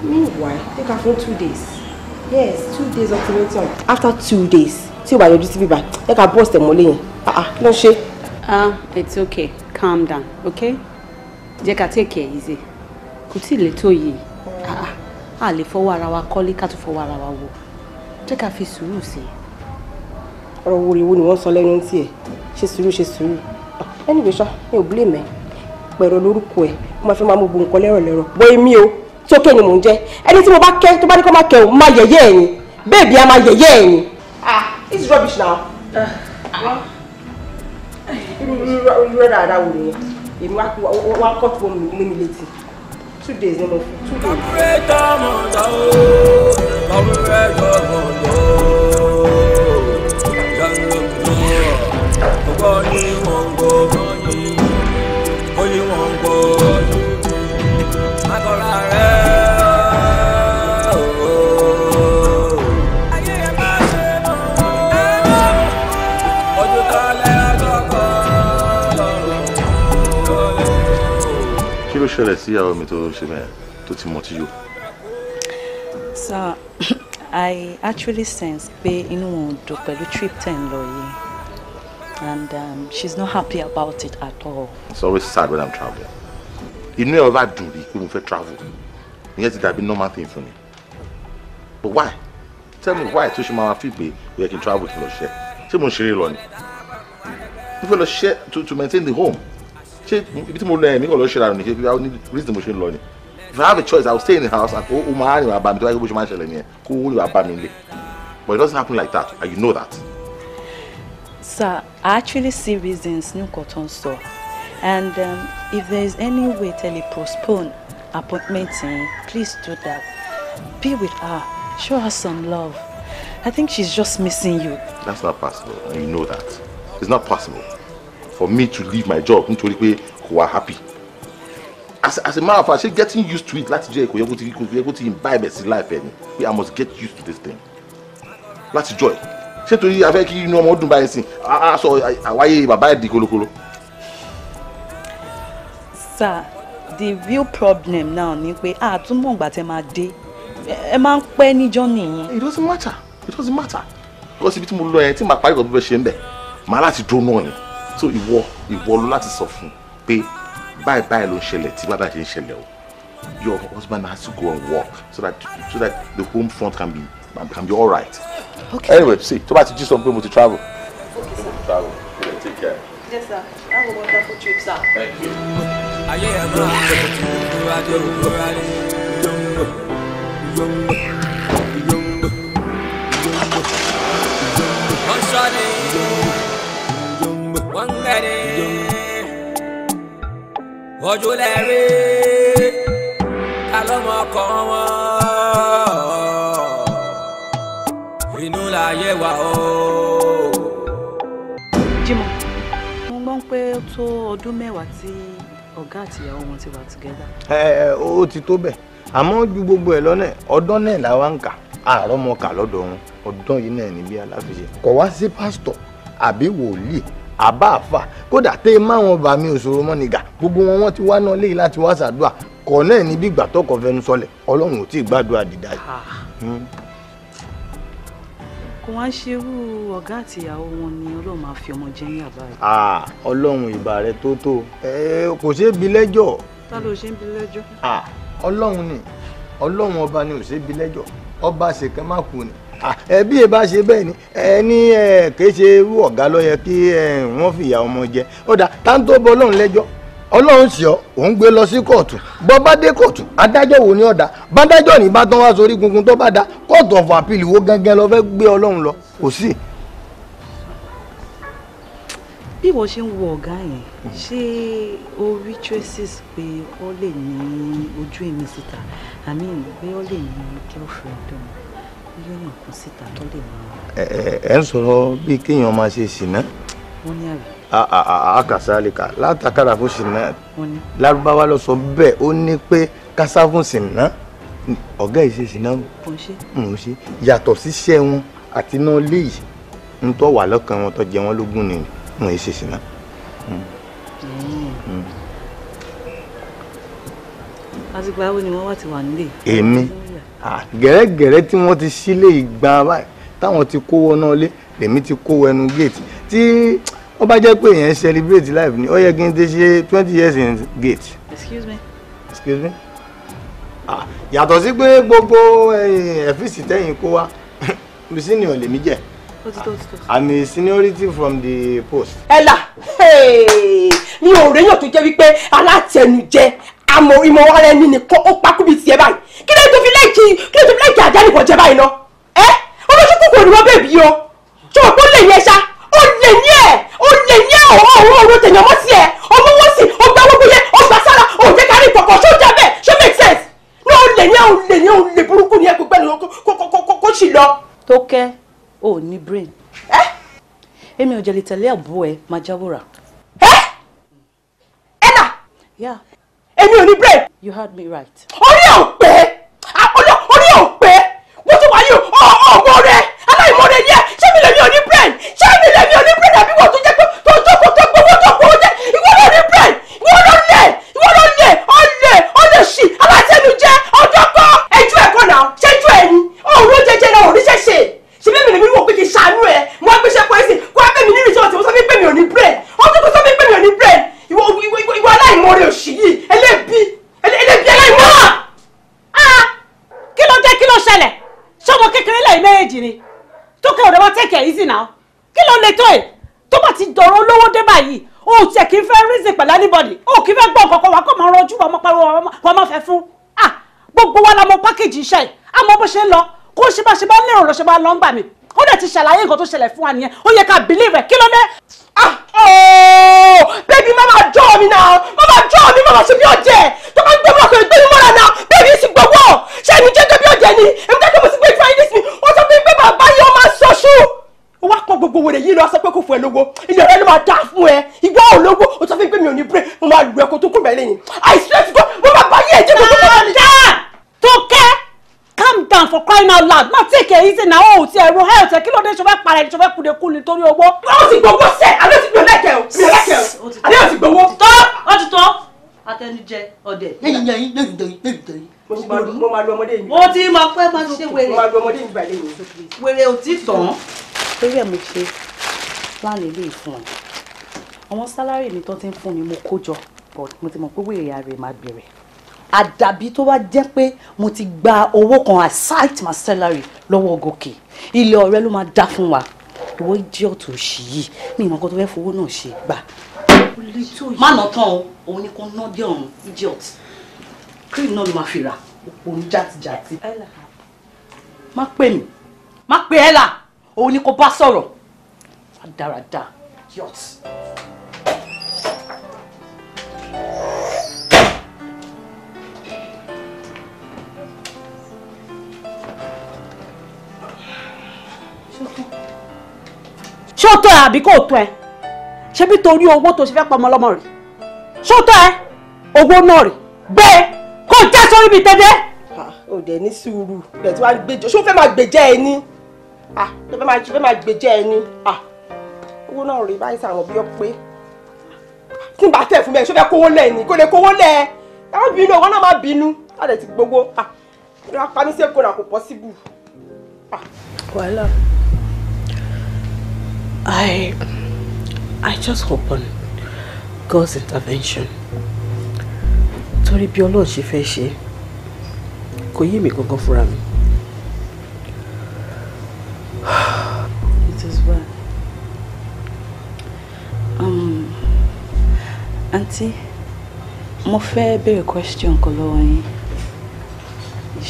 meanwhile take her phone two days yes two days ultimatum after two days tí o bá yọjú sí bíbá ẹ ká bọ́ọ̀sì tẹ̀ mọ́lé yẹn kí ah, ah, ló ṣe. ah it's okay calm down okay jẹ́ ká take care easy kò tí ì lè tó yìí a lè fọwọ́ ara wa kọ́lé ká tó fọwọ́ ara wa wò jẹ́ ká fi sùúrù sí i ọ̀rọ̀ wòrìwò ni wọ́n sọ lẹ́nu tí ẹ̀ ṣe sùúrù ṣe sùúrù ah, anyway ṣá mi ò blame ẹ pẹ̀rọ lórúkọ ẹ̀ mo máa fi máa mú gbogbo nǹkan lẹ́rọ̀ lẹ́rọ̀ bọ́ èmi o tí ó kẹ́ ni mò ń jẹ́ ẹni tí mo bá kẹ́ tó bá ní kó máa kẹ́ ò máa yẹ̀yẹ́ ẹ̀ bẹ́ẹ̀bi a máa yẹ̀yẹ́ ẹ̀ ah it's rubbish now. irú dáadáa wò nìyẹn èmi wá kọ́ tó mú mi létí two days ni mo fún two days. ọgbọ́ ní wọ́n gbọ́ oyè wọ́n gbọ́ akọ̀rọ̀ rẹ̀. ló ṣẹlẹ̀ sí ìyàwó mi tó ṣe bẹ́ẹ̀ tó ti mọtí yó. Sir, I actually sense pé inú wọn ò dùn pẹ̀lú trip ten lọ yìí and um, she's not happy about it at all. It's always sad when I'm traveling. You ẹ̀ ọba dùn rí pé mo fẹ́ travel. Ìyẹn ti dàbí normal thing for me. But why? Tell me why tó ṣe máa fi pé ó yẹ kí travel to n lọ ṣiṣẹ́. Ṣé mo ń ṣeré to to maintain the home. She if it's more lọ ẹ̀mí kò lọ ṣe ra ni ṣe fi ní reason mo ṣe ń If I have a choice, I will stay in the house and ó máa rìn wá bá mi tó bá yẹ kó bó ṣe máa ṣẹlẹ̀ nìyẹn But it doesn't happen like that and you know that. Sir, I actually see reasons ní nǹkan tó and um, if there is any way to postpone appointment eh, please do that be with her show her some love I think she's just missing you. That's not possible you know that it's not possible for me to leave my job nítorí pé kò wá happy as as a matter of fact ṣe getting used to it láti jẹ́ We yẹ kó to kò yẹ kó life ẹ̀ I must get used to this thing láti joy ṣé torí afẹ́ kí inú ọmọ dùn báyìí sìn á sọ àwáyé bàbá ẹ̀ di kolokolo. sir the real problem now ni pé àtúmọ̀ ìgbà tẹ máa dé ẹ máa ń pẹ́ níjọ́ nìyẹn. it doesn't matter it doesn't matter because ibi tí mo lọ yẹn tí màá parí ìgbà bí wọ́n ṣe ń bẹ̀ màá láti dúró náà ni so ìwọ ìwọ ló láti sọ fún un pé báyìí báyìí ló ń ṣẹlẹ̀ tí bàbá ṣe ń ṣẹlẹ̀ o your husband has to go and work so that so that the home front can be can be all right okay. anyway see tó bá some people to travel. okay sir. travel okay take care. yes sir have a wonderful trip sir. thank you. ayé ẹ̀ máa ń bẹ̀rẹ̀ wọ́n inú láyé wa o. Jimoh mo gbọ́ pé ó tó ọdún mẹ́wàá tí ọ̀gá àti wọn ti wà together. ẹ ó ti tó bẹ́ẹ̀ àmọ́ ju gbogbo ẹ̀ lọ́nà ọdún náà làwa ń kà àárọ̀ mọ́ wọn ọdún yìí náà ní bí aláfiṣe kọ̀ wá sí pásítọ̀ àbí wòlíì àbá àfà kódà tẹ́ máwọn bá mi òṣòro mọ́ nìgà gbogbo wọn wọ́n ti wá náà léyìí láti wá ṣàdúrà kọ̀ náà ní bí ìgbà fẹnu sọlẹ̀ ọlọ́run ò tí ì gbàdúrà dídá yìí wọ́n á ṣe irú ọ̀gá àtìyàwó wọn ni ọlọ́run máa fi ọmọ jẹ́ yín àbá yìí. ọlọ́run ìbà rẹ tó tó kò ṣeé bi lẹ́jọ́. ta ló ṣe ń bi lẹ́jọ́. ọlọ́run ni ọlọ́run ọba ni ò ṣeé bi lẹ́jọ́ ọba ṣèkan má kú ni ẹbí ẹ bá ṣe bẹ́ẹ̀ ni ẹni kì í ṣe irú ọ̀gá ló yẹ kí wọ́n fìyà ọmọ jẹ ó dà táńtó bọ́ ọlọ́run lẹ́jọ́ ọlọ́run sì ọ́ òun gbé lọ sí kóòtù bọ́ bá dé kóòtù adájọ́ wo ni ọ̀dà bádájọ́ ní bá tán wá sórí gungun tó bá da kóòtù ọ̀fọ̀ àpìlì wo gángan lọ fẹ́ gbé ọlọ́run lọ kò sí. bí wọ́n ṣe ń wo ọ̀gá yẹn ṣé o rí traces pé ó lè ní ojú èmi síta i mean pé ó lè ní girlfriend òun yóò kàn síta tó lè máa. ẹ ẹ ń sọ̀rọ̀ bíi kéèyàn máa ṣe ṣìnà. wọ́n ní àbí àkàsálìkà látàkàrà fún ṣìnà lárúbáwá lọ sọ bẹ́ẹ̀ ó ní pé kásá fún ṣìnà ọ̀gá ìṣe ṣìnà ń ṣe yàtọ̀ síṣẹ́ wọn àti náà léyìí ń tọ́ wà lọ́kàn wọn tó jẹ wọn lógún ni wọn ṣe ṣìnà. Hmm. àtìgbà wo ni wọ́n wá ti wà nílé. èmi gẹ̀rẹ́gẹ̀rẹ́ tí wọ́n ti sílé ìgbà báyìí táwọn ti kówó náà lé lèmi ti kówó ẹnu géètì tí ó bá jẹ́ pé èèyàn celebrate life ni ó yẹ kí n ti ṣe twenty years in gate. excuse me. excuse me. ah yàtọ̀ sí pé gbogbo ẹ̀fíìsì eh, tẹ̀yìn kó wa lucinio lèmi jẹ́ i'm a seniority from the post. ẹ là mi ò réyàn tó jẹ́ wípé alátẹnujẹ àmọ́ ìmọ̀ ara ẹni nìkan ó pakú bíi tiẹ̀ báyìí kí ló tó fi lẹ́ẹ̀kì kí ló tó fi lẹ́ẹ̀kì àjálù kan jẹ báyìí náà ẹ eh? olóṣù kòkòrò ni wọ́n bèbí o ṣé òpó lè yẹ ṣáá ó lè ní ẹ̀ ó lè ní ẹ̀ ọ̀rọ̀ ọ̀rọ̀ ọ̀rọ̀ tèèyàn mọ́ sí ẹ̀ ọmọwọ́ sí ọgbà gbogbo brain èmi ò me tẹ̀lé àbú ẹ̀ máa jáwòrà. ẹ ẹ nà. èmi ò ní brain. you heard me right. orí ò pé orí ò pé wọ́n tún wáyé ọ̀gbọ́n rẹ̀ ìmọ̀ràn yẹ ṣé mi lèmi ò ní brain ṣé mi lèmi ò ní brain àbí wọ́n tó jẹ́ pé tó jókòó tó gbowó tó gbowó jẹ́ ìwọ ló ní brain ìwọ ló lẹ̀ ìwọ ló lẹ̀ ọlẹ̀ ọlẹ̀ ṣì alátẹnujẹ ọdọ́kọ ẹjú ẹ̀kọ́ náà ṣẹ́jú ẹni òru jẹjẹ náà òrí ṣẹṣẹ ṣe bí mi lèmi wò pé kì í ṣàánú ẹ mo gbéṣẹ́ pọ̀ ẹ̀sìn kó abẹ́ mi nínú ìṣòwò tí mo sọ fí pé mi ò ní brain ó tún kó sọ fí pé mi ò ní brain ìwọ ìwọ aláìmọ̀ọ́rẹ́ òṣì yìí ẹlẹ́bi ẹlẹ́bi aláìmọ̀ọ́rẹ́ ah! kí ló dé kí ló ṣẹlẹ̀ ṣọmọ kékeré lẹ́yìn méjì ni tókè ọ̀rẹ́ wa take it easy now kí ló lè tó ẹ̀ tó bá ti dọ̀rọ̀ olówó dé báyìí o ò tiẹ̀ kí n fẹ́ reason pẹ̀lú anybody o kì í fẹ́ gbọ́ ọ̀kọ̀ọ̀kan wa kó máa rọjú wa máa pariwo wa máa fẹ́ fún ah gbogbo wa la mọ package iṣẹ́ yìí a mọ bó ṣe ń lọ kó ṣe bá ṣe bá ń lérò lọ ṣe bá ń lọ ń gbà mí ó dẹ̀ ti ṣàlàyé nǹkan tó ṣẹlẹ̀ fún wa nìyẹn ó yẹ ká believe ẹ̀ kí ló dé. ah ooo baby mama jọ mi náà mama jọ mi mama ṣe bí ọjẹ tó bá ń gbé mi ọkọ ìgbé mi mọ́ra náà baby sì gbogbo ṣé ẹni jẹ́ tó bí ọjẹ ni èmi jẹ́ tó mo sì gbé wèrè yìí lọ sọ pé kò fún ẹ lówó ilé ọ̀rẹ́ ló máa dá fún ẹ ìgbà ò lówó o sọ fún mi pé mi ò ní brain mo máa lu ẹkọ tó kún bẹ́ẹ̀ lẹ́yìn i swear to God mo máa bá yé ẹ̀jẹ̀ gbogbo bá mi. Tókẹ́ calm down for crying out loud máa take it easy náà ó ti ẹ̀rọ ẹ̀ ọ̀tẹ̀ kí ló dé ṣọfẹ́ para ẹ̀ ṣọfẹ́ kùdẹ̀kù nítorí owó. wọ́n ti gbowó sẹ́ àlọ́ ti gbowó lẹ́kẹ̀ẹ́ o mi lẹ́kẹ̀ẹ́ o àlẹ́ ti gbowó. tọ́ ọ ti tọ́ atẹnujẹ ọdẹ. lẹ́yìn yẹn lẹ́yìn tẹ̀yìn lẹ́yìn tẹ̀yìn mo ti máa lu ọmọdé yìí. mo ti máa pẹ́ máa ṣe wèrè. mo máa lu ọmọdé yìí gbà lẹ́yìn. wèrè ò tí tán torí ẹ̀ mo ṣe plan ilé ìfún ọ àwọn sálárì mi tó ti ń fún mi mo kó jọ but mo ti mọ̀ pé wèrè ààrẹ máa bẹ̀rẹ̀ àdàbí tó bá jẹ́ pé mo ti gba owó kan aside my salary lọ́wọ́ gòkè ilé ọ̀rẹ́ ló máa dá fún wa owó jẹ́ ọ̀tún òṣì yìí ní ìmọ̀ kan tó fẹ́ fowó náà ṣe gbà. má nà tán o òun ni kò ná dé ọ̀run idiot cream náà ló máa fi rà òpó ní má pè mí má pè ẹ́ là. O ni kò bá sọ̀rọ̀ dáradára yọt. ṣé ó tó ẹ àbí kò tó ẹ ṣé bí torí owó tó ṣe fẹ́ pamọ́ lọ́mọ rẹ̀ ṣé ó tó ẹ owó náà rẹ̀ bẹ́ẹ̀ kò já sórí mi tẹ́tẹ́. ó dẹ̀ ní sùúrù bẹ̀ tí wàá gbèjọ́ ṣé ó fẹ́ máa ah tó fẹ́ máa tó fẹ́ máa gbèjẹ́ ẹni ah, owó náà rèé báyìí sàwọn bí ó pé tí n bá tẹ̀ fún mi ẹ̀ ṣó fẹ́ kówó lẹ̀ ni kò lè kówó lẹ̀ ẹ́ ẹ bínú ọ̀gá náà má bínú láti ti gbogbo ah ìrora pani náà kò pọ́síbù ah. wàhálà I I just hope on God's intervention torí bí Ọlọ́run ṣe fẹ́ ṣe kò yé mi gangan fúnra mi. àǹtí mo fẹ́ béèrè question kan lọ́wọ́ yín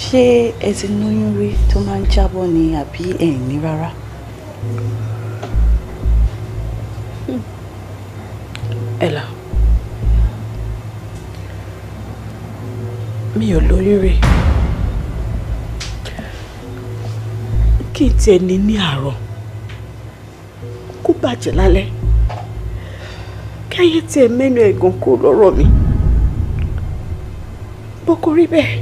ṣé ẹ ti lóyún rí tó máa ń jábọ́ ni àbí ẹ̀ ní rárá. ẹ̀là mi ò lóyún rí kí n tiẹ̀ ní ní àárọ̀ kó bàjẹ́ lálẹ́ káyé tiẹ̀ mẹ́nu ẹ̀gàn kó lọ́rọ̀ mi bó kò rí bẹ́ẹ̀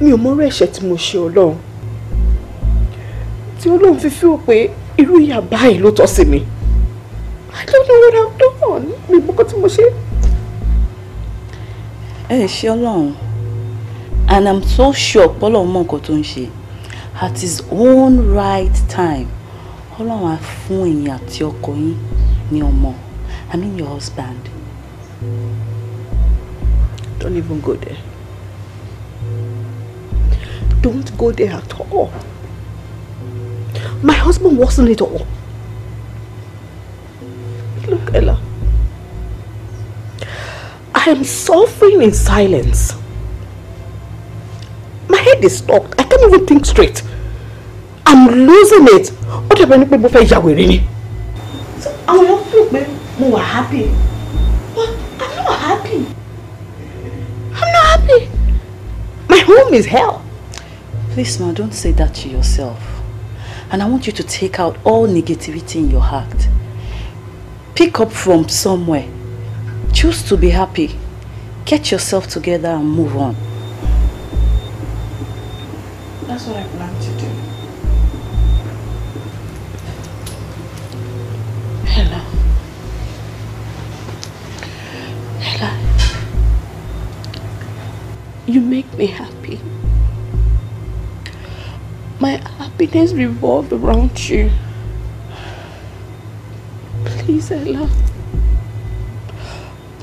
mi ò mọ̀rọ̀ ẹ̀ṣẹ̀ tí mo ṣe ọlọ́run tí ọlọ́run fi hàn pé irú ìyà báyìí ló tọ́ sí mi I don't know what I've done mi ò mọ̀kọ́ tí mo ṣe. ẹ ṣe ọlọ́run and I'm so sure pọ́lọ́ mọ̀ nǹkan tó ń ṣe at his own right time ọlọ́run á fún ẹ̀yin àti ọkọ yín mi ò mọ̀ I mean your husband. Don't even go there. Don't go there at all. My husband wasn't it all. Look, Ella. I am suffering in silence. My head is stuck. I can't even think straight. I'm losing it. What happened to people? happy i'm not happy i'm not happy my home is hell. please ma don't say that to yourself and i want you to take out all negativity in your heart pick up from somewhere choose to be happy get yourself together and move on. That's what I plan to do. You make me happy. My happiness revolves around you. Please, Ella.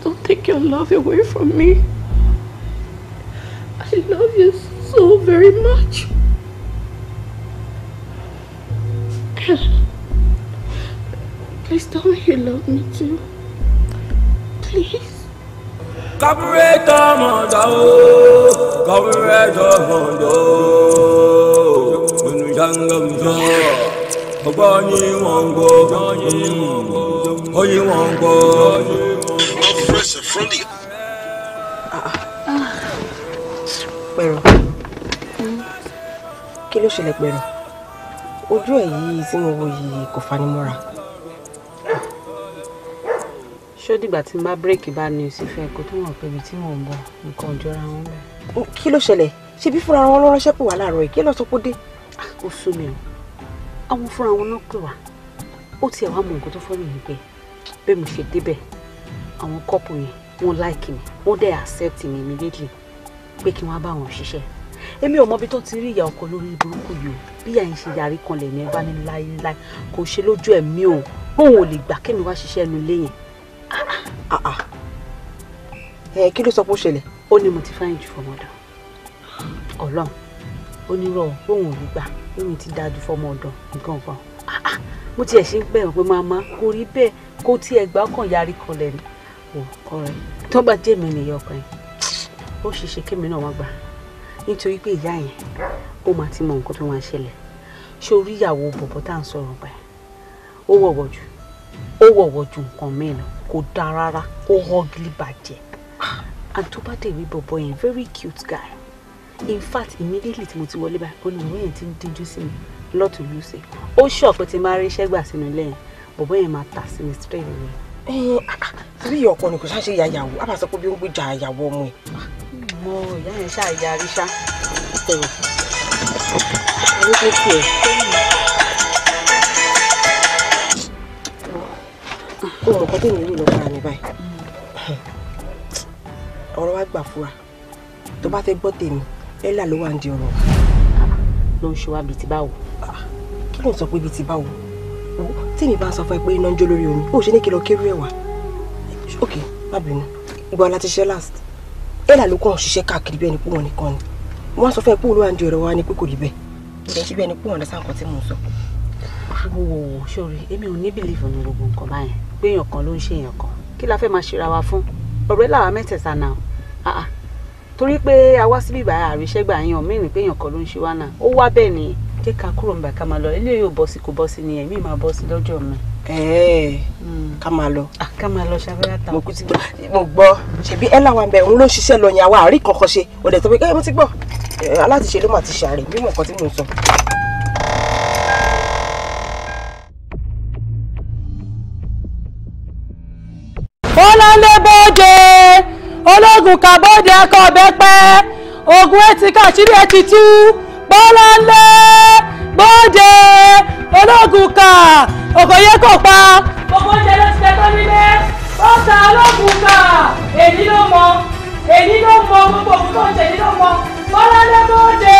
Don't take your love away from me. I love you so very much. Please tell me you love me too. Please. kọ́pùrẹ́tọ̀ mọ̀dọ̀ o kọ́pùrẹ́tọ̀ mọ̀dọ̀ o olùjàngàmùjọ́ ọgbọ́n ni wọ́n ń gbọ́ oyin wọ́n ń gbọ́. pẹ̀rọ kí ló ṣẹlẹ̀ pẹ̀rọ ojú ẹ̀ yìí tí mo wo yìí kò fanimọ́ra ṣó dìgbà tí n bá bírèkì bá ní oṣù fẹ́ kó tó mọ̀ pé ibi tí mò ń bọ̀ nǹkan òjọra wọn bẹ́ẹ̀. kí ló ṣẹlẹ̀ ṣe bí fúnra wọn ló ránṣẹ́ pè wá láàárọ̀ yìí kí ló sọ pé dé. Ah, ó sú mi o àwọn fúnra wọn náà pè wá ó tiẹ̀ wá mọ nǹkan tó fọ́nà yìí pé bẹ́ẹ̀ mo ṣe débẹ̀ àwọn kọ́pù yẹn wọ́n láìkì mi wọ́n dẹ̀ accept mi immediately pé kí wọ́n bá wọn ṣiṣẹ́ èmi ò mọ ibi tó ti rí ìyá ọkọ lórí burúkú yìí o bí ìyá yìí ṣe yarí kanlẹ̀ ní ẹ bá ní láéláé kò ṣe lójú ẹ̀mí o bóun ò lè gbà kémi wá ṣiṣẹ́ nu ilé yẹn Ah ah. Eh, ló sọ pé ó ṣẹlẹ̀ ó ní mo ti fáyìn jù fọmọdọ̀ ọlọ́run ó ní rọ òun ò rí gbà lóun ti dáa ju fọmọdọ̀ nǹkan kan ah, ah. mo tiẹ̀ ṣe ń bẹ̀rù pé màmá kò rí bẹ́ẹ̀ kó tiẹ̀ gbà ọkàn yarí kọlẹ̀ ni ò ọ̀rẹ́ tó bá jẹ́ mi nìyẹn ọkàn yẹn ó ṣe ṣe kémi náà wá gbà nítorí pé ìyá yẹn ó máa ti mọ nǹkan tó máa ṣẹlẹ̀ ṣé orí ìyàwó bọ̀bọ̀ tá à ń sọ̀rọ̀ gbà ó wọ̀wọ̀ jù ó wọ̀wọ̀ ju kò dáa rárá ó hàn gílí bàjẹ́ and tó bá dé ìwé bọ̀bọ̀ yẹn very cute guy in fact immediately tí mo ti wọlé báyìí ó ní ìwé yẹn ti ń díjú sí mi lọ́tún ló ṣe ó ṣọ̀ pé ti máa rí iṣẹ́ gbà sínú ilé yẹn bọ̀bọ̀ yẹn máa tà sí mi straight away. ẹ bí ọkọ ni kò ṣáà ṣe ya ìyàwó a máa sọ pé bí ó gbé ja ìyàwó ọmọ ẹ. mo ìyá yẹn ṣáà yarí ṣá. ẹ ló fẹ́ tiẹ̀. o mọ̀ nǹkan tèmi rò lọ́kàn mi báyìí ọ̀rọ̀ wa gbà fura tó bá fẹ́ gbọ́ tèmi ẹ́là ló wà ń di ọ̀rọ̀ ló ń ṣe wá bíi ti báwo kí ló ń sọ pé bíi ti báwo tèmi bá ń sọ fún ẹ pé iná ń jó lórí omi ó ṣe ní kí lọ kérú ẹ̀ wá ok má bínú ìgbà ọ̀la ti ṣe last ẹ́là ló kàn ṣiṣẹ́ káàkiri bẹ́ẹ̀ ni pé wọ́n nìkan ni wọ́n sọ fún ẹ pé olúwa ń di ọ̀rọ̀ wa ni pé kò rí bẹ́ẹ̀ ìdẹ̀ ṣíbẹ̀ ni pé wọ́n ọ̀dà sáǹkan tí mò ń sọ. wo wo wo èmi ò ní bìlífù ní gbogbo nǹkan báyẹn péyàn kan ló ń ṣe èèyàn kan kí la fẹ́ máa ṣera wa fún ọ̀rọ̀ ẹ̀ làwa mẹ́tẹ̀ẹ̀ta náà àà torí pé a wá síbí ìgbà àríṣẹ́ gbà yan mẹ́rin péyàn kan ló ń ṣe wá náà ó wá bẹ́ẹ̀ ni jẹ́ ká kúrò ń bá ká máa lọ ilé yóò bọ́ sí kò bọ́ sí ni ẹ̀mí máa bọ́ sí lọ́jọ́ mi. ẹ̀ẹ́ hmm. ká máa lọ. ká máa lọ ṣàfẹ́rẹ́ ta. mo kú ti gbọ́ mo gbọ́ ṣèbí ẹ̀ làwọn abẹ òun ló ṣiṣẹ́ lọ yẹn àwa àrí kankan ṣe ọ̀dẹ̀ tó fi kẹ́ mo ti gbọ́ aláàtìṣe ló mà ti ṣàárẹ̀ bí mo kàn ti mò ń sọ. olóńdé bóde ológun kàbóde akọ bẹpẹ ogun etí kàṣírí etí tú pọlọńdé bóde ológun kà ògòyè kò pa gbogbo oúnjẹ ló ti tẹ́tọ́ nílé ó ta ológun kà èyí ló mọ èyí ló mọ gbogbo ògùn tó ń ṣe èyí ló mọ pọlọńdé bóde.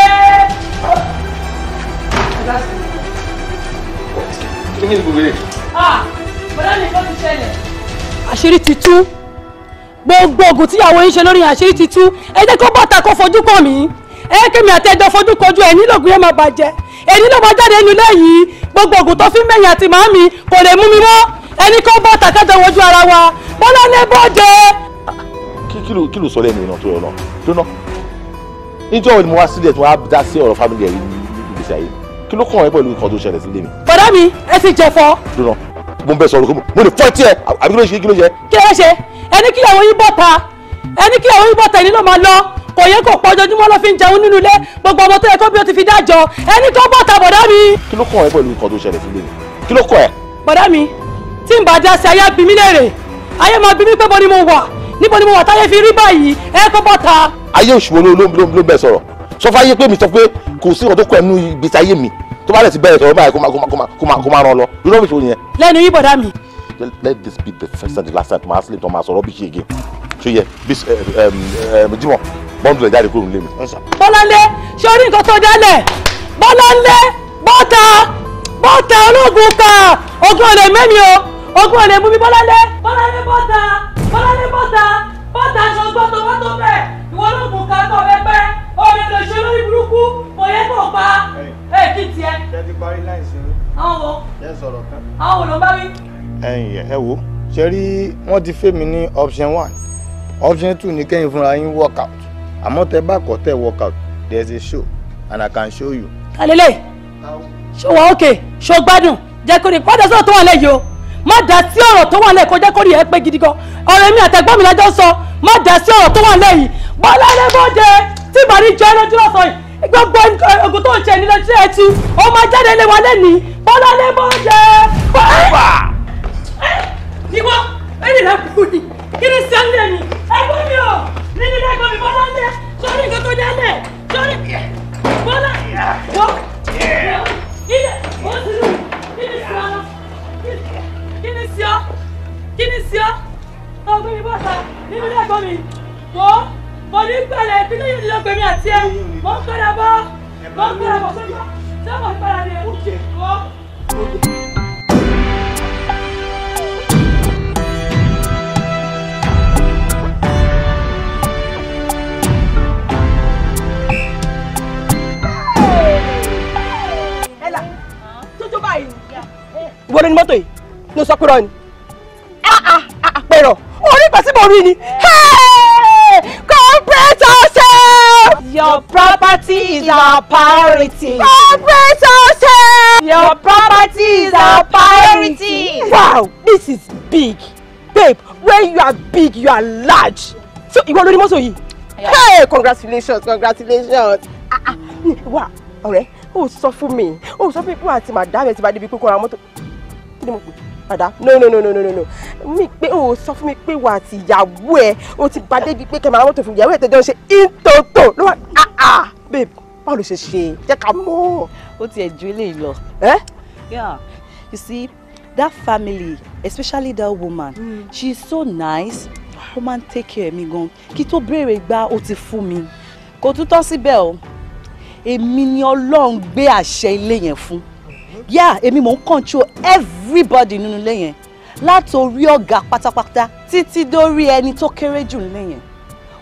Kí ni gbogbo rẹ̀? bọ́lá nìkan ti ṣẹlẹ̀ àṣírí ti tú gbogbo oògùn tíyàwó yín ṣe lórí àṣírí ti tú ẹ jẹ́ kó bọ́ta kó fojú pọ̀ mí ẹ kémi àtẹ́jọ́ fojú kojú ẹ̀ nílògùn yẹn máa bàjẹ́ èyí ló máa jáde nínú ilé yìí gbogbo oògùn tó fi mẹ́yìn àti màámi kò lè mú mi mọ́ ẹni kó bọ́ta kájọ wojú ara wa bọ́lá ní bọ́ọ̀dẹ. kí ló sọ lẹ́nu ìran tó yọ náà tó náà níjọ́ ni mo wá sílẹ̀ tí wọ́n á dá sí ọ̀rọ̀ fámìlì ẹ̀ ìgbésí ayé kí ló kàn ẹ́ pẹ̀lú nǹkan tó ṣẹlẹ̀ sílé mi. bọ̀dá mi ẹ ti jẹ̀fọ́. dúró mo bẹ sọ̀rọ̀ mo lè fọ́ ẹ àbí kí ló ṣe kí ló ṣe. kí ló ṣe ẹni kíyàwó yín bọ́ta ẹni kíyàwó yín bọ́ta ẹni ló máa lọ kò yẹ kó pọ̀ ojoojúmọ́ ló fi ń jẹun nínú ilé gbogbo ọmọ tó yẹ kó bí ó ti fi dájọ́ ẹni tó bọ́ta bọ̀dá mi. kí ló kàn ẹ́ pẹ̀lú nǹkan tó ṣẹlẹ̀ sílé mi kí ló kàn ẹ́. bọ̀dá mi tí n bá dá sí ayé bí mi léèrè ayé máa bí mi pé bo ni mo wà níbo ni mo wà táyé fi rí báyìí ẹ kó bọ́ta. ayé òṣùwọ̀n ló ló ló bẹ́ẹ̀ sọ̀rọ̀ sọ fáyé pé mi sọ pé kò sí ọdún kọ ẹnu ìgbésí ayé mi tó bá lè ti bẹ̀rẹ̀ sọ̀rọ̀ báyìí kó máa kó máa kó máa kó máa ràn lọ lórí ọ̀bìṣẹ́ òyìn yẹn. lẹ́nu yìí bọ̀dá mi. let this be the first and the last time to ma sleep to ma sọ̀rọ̀ bí ṣe again ṣó yẹ bis eh, eh, um, eh, jimoh bọ́ńdù rẹ̀ jáde kúrò nílé mi. bọ́láńdé ṣé o ní nǹkan tó dálẹ̀ bọ́láńdé bọ́ta bọ́ta ológun ta ogun ọ̀lẹ̀ mẹ́mi o ogun ọ̀lẹ̀ mú mi bọ́láńdé bọ́láńdé bọ́ta bọ́ta ṣọgbọ́n tó bá tó bẹ́ẹ̀ ìwọ ológun kan tó bẹ́ẹ̀ bẹ́ẹ̀ omi tó ṣe lórí burúkú kò yẹ kó pa ẹ kí tiẹ. ṣé ti parí láì sinmi. àwọn wo. ṣé kan. àwọn wo ló bá wí. ẹ̀yin ẹ wo ṣe rí wọ́n ti fẹ́ mi ní option one option two ni kẹ́yìn fúnra yín work workout. àmọ́ tẹ bá kọ́ tẹ work out there a show and I can show you. kàlélẹ̀ ṣó wà òkè ṣó gbádùn jẹ́ kó rí pàdé sọ̀rọ̀ tó wà lẹ́yìn o má dá sí ọ̀rọ̀ tó wà lẹ́yìn kó jẹ́ kó rí ẹ pé gidi gan ọ̀rọ̀ mi àtẹ̀gbọ́n mi lájọ́ sọ má dá sí ọ̀rọ̀ tó wà lẹ́yìn bọ́lá lẹ́bọ̀dé tí ìbàdí jẹ́ lójú lọ́sọ̀ yìí gbogbo ogun tó ń ṣe nílẹ̀ tí ẹ ti ó máa jáde lé wa lẹ́nìí bọ́lá lé bọ́ jẹ́. ọba. ìwọ ẹni rẹ kú ni kí ni sẹ́ńdẹ̀ mi ẹgbẹ́ mi ò ní nílẹ̀ ẹgbẹ́ mi bọ́lá lẹ sọ́rí nǹkan tó dálẹ̀ sọ́rí bọ́lá wọ́ ilẹ̀ ó ti lù kí ni sí ọ kí ni sí ọ kí ni sí ọ ọgbẹ́ mi bọ́ta nínú ẹgbẹ́ mi wọ́ mo ní gbọ́dọ̀ ẹbí tó yẹ nílọ́gbẹ̀ mi àti ẹ mo ń gbọ́dọ̀ bọ́ mo ń gbọ́dọ̀ bọ́ sọ́kọ́ sọ́kọ́ ìpara rẹ̀ kọ́. ìwọ ló ní mọ́tò yìí ló sọ pé rọ ah, ah, ah, ah, pẹ̀rọ orí ìgbà tí mo rí ni. Eh. Corporate ourselves. Your property is our priority. Corporate ourselves. Your property is our priority. Wow, this is big. Babe, when you are big, you are large. So, ìwọ lórí mọ́tò yìí. Hey, congratulations, congratulations. Ah, ah, wá, ọ̀rẹ́, ó sọ fún mi. Ó sọ fún mi pé àti màdá rẹ̀ ti bá débi pé kó ra mọ́tò padà no no no no no no mi pé o sọ fún mi pé wà àti ìyàwó ẹ o ti bá débi pé kẹmàá mọ́tò fún ìyàwó ẹ tẹjọ ṣe ìtòtò ló wà ah ah babe báwo ló ṣe ṣe jẹ́ ká mọ̀. ó tiẹ̀ ju eléyìí lọ. ẹ. yeah you see that family especially that woman mm. she is so nice ó máa take care me gan kí tó béèrè gbá ó ti fún mi kò tún tọ́ síbẹ̀ o èmi ni ọlọ́run gbé àṣẹ ilé yẹn fún yeah èmi mò ń control everybody nínú ilé yẹn látòrí ọ̀gá pátápátá títí dórí ẹni tó kéré jù nílé yẹn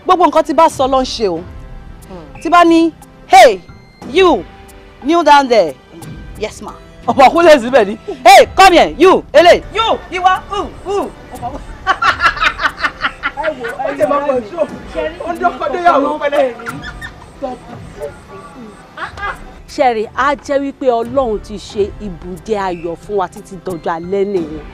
gbogbo nǹkan tí bá sọ ló ń ṣe o hmm. tí bá ní hey you kneel down there yes ma ọmọ kú lè síbẹ̀ ni hey come here you ele you iwa u u ọmọ ẹ wo ẹ yẹ ẹ wo ṣe é ń dọkọdọyàwó pẹ̀lẹ́ ṣẹ́rí á jẹ́ wípé ọlọ́run ti ṣe ibùdé ayọ̀ fún wa títí dọjọ́ alẹ́ nìyẹn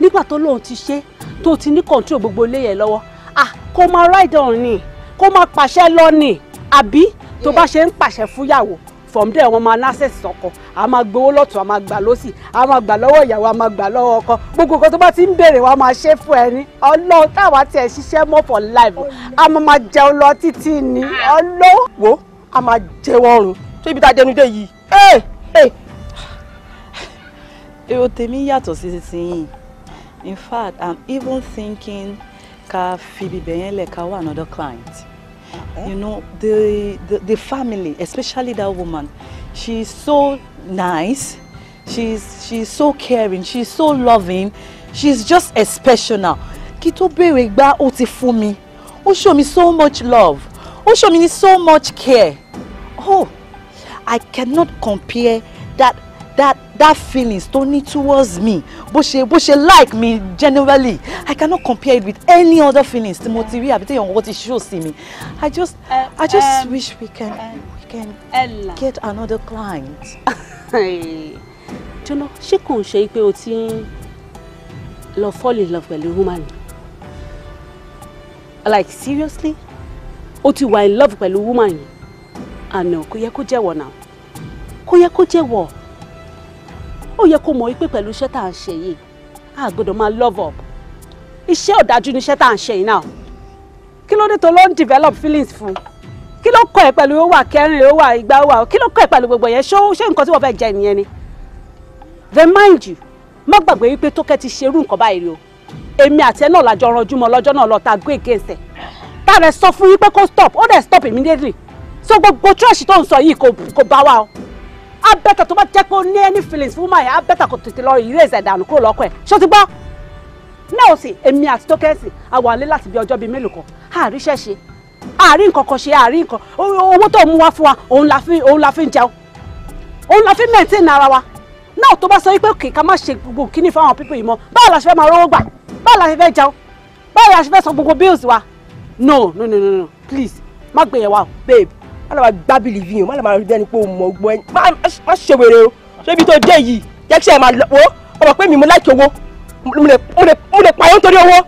nígbà tó lóun ti ṣe tó ti ní kọ̀ǹtírò gbogbo ilé yẹn lọ́wọ́ ah kó máa ride on ni kó máa pàṣẹ lọ ni àbí tó bá ṣe ń pàṣẹ fúyàwó from wọn máa násẹ̀sì sọ́kọ a máa gbowó lọ́tún a máa gbà lọ́sì a máa gbà lọ́wọ́ ìyàwó a máa gbà lọ́wọ́ ọkọ gbogbo nǹkan tó bá ti ń béèrè wa máa ṣe fún ẹni ọlọ́run táwa tiẹ̀ ṣiṣẹ́ mọ́ for life a máa jẹun lọ títí ni ọlọ́wọ́ a máa jẹun ọrùn ṣé ibi tá a dẹnu dé yìí. èrò tèmi yàtọ̀ sí sísìn in fact i'm even thinking ká fi bíbẹ̀ lẹ̀ ká wá another client you know the, the the family especially that woman she's so nice she's she's so caring she's so loving she's just exceptional kí tó béèrè gbá ó ti fún mi ó show me so much love ó show me so much care oh I cannot compare that that that feelings tó towards me bó she bó she like me generally I cannot compare it with any other feelings The mo ti rí àbí téèyàn kò ti show sí mi I just uh, I just um, wish we can um, we can Ella. get another client. jọ́nà ṣé kò ń ṣe pé o ti ń fall in love with a woman like seriously o ti wà in love with a woman yìí àná kò yẹ kó jẹ́wọ́ náà kò yẹ kó jẹ́wọ́ ó yẹ kó mọ̀ wípé pẹ̀lú iṣẹ́ tá à ń ṣe yìí a gbọ́dọ̀ máa love up iṣẹ́ ọ̀dájú ni iṣẹ́ tá à ń ṣe yìí náà kí ló dé tó ló ń develop feelings fún kí ló kọ́ ẹ pẹ̀lú ó wà kẹrin ó wà igba ó wà kí ló kọ́ ẹ pẹ̀lú gbogbo yẹn ṣé nǹkan tí wọ́n fẹ́ jẹ nìyẹn ni then mind you má gbàgbé wípé tókẹ́ ti ṣerú nǹkan báyìí o èmi àti ẹ náà làjọ ranjúmọ lọ́jọ́ náà lọ ta go against tá a rẹ sọ fún yín pé kó stop ó dẹ̀ stop immediately so gbogbo trash tó ń sọ yìí kò bá wa o á bẹ́tà tó bá jẹ́ pé ó ní any feelings fún máa yẹn á bẹ́tà kò tètè lọ erase ẹ̀dànù kúrò lọ́kọ̀ ẹ̀ ṣó ti gbọ́ náà sì èmi àti tókẹ́sì àwọn alẹ́ láti bí ọjọ́ bíi mélòó kan àríṣẹ́ ṣe àárín nǹkan kan ṣe àárín nǹkan owó tó mú wá fún wa òun la fi òun la fi ń jẹun òun la fi ń maintain ara wa náà tó bá sọ wípé kì í ká má ṣe gbogbo kíní fáwọn pípọ̀ yìí mọ́ báwo la ṣe fẹ́ máa rówó gbà báwo la ṣe fẹ́ jẹun báwo la ṣe fẹ́ san gbogbo bills wa no no no no no please má gbé yẹn wá o babe má lọ máa gbá bìlìfì yìí má lọ máa rí bẹ́ẹ̀ pé o mọ̀ gbọ́ ẹ má ṣe wèrè o ṣé ibi tó dé yìí jẹ́ kí ṣe máa lọ wo ọmọ pé mi mo láìkí owó mo lè pààyàn nítorí owó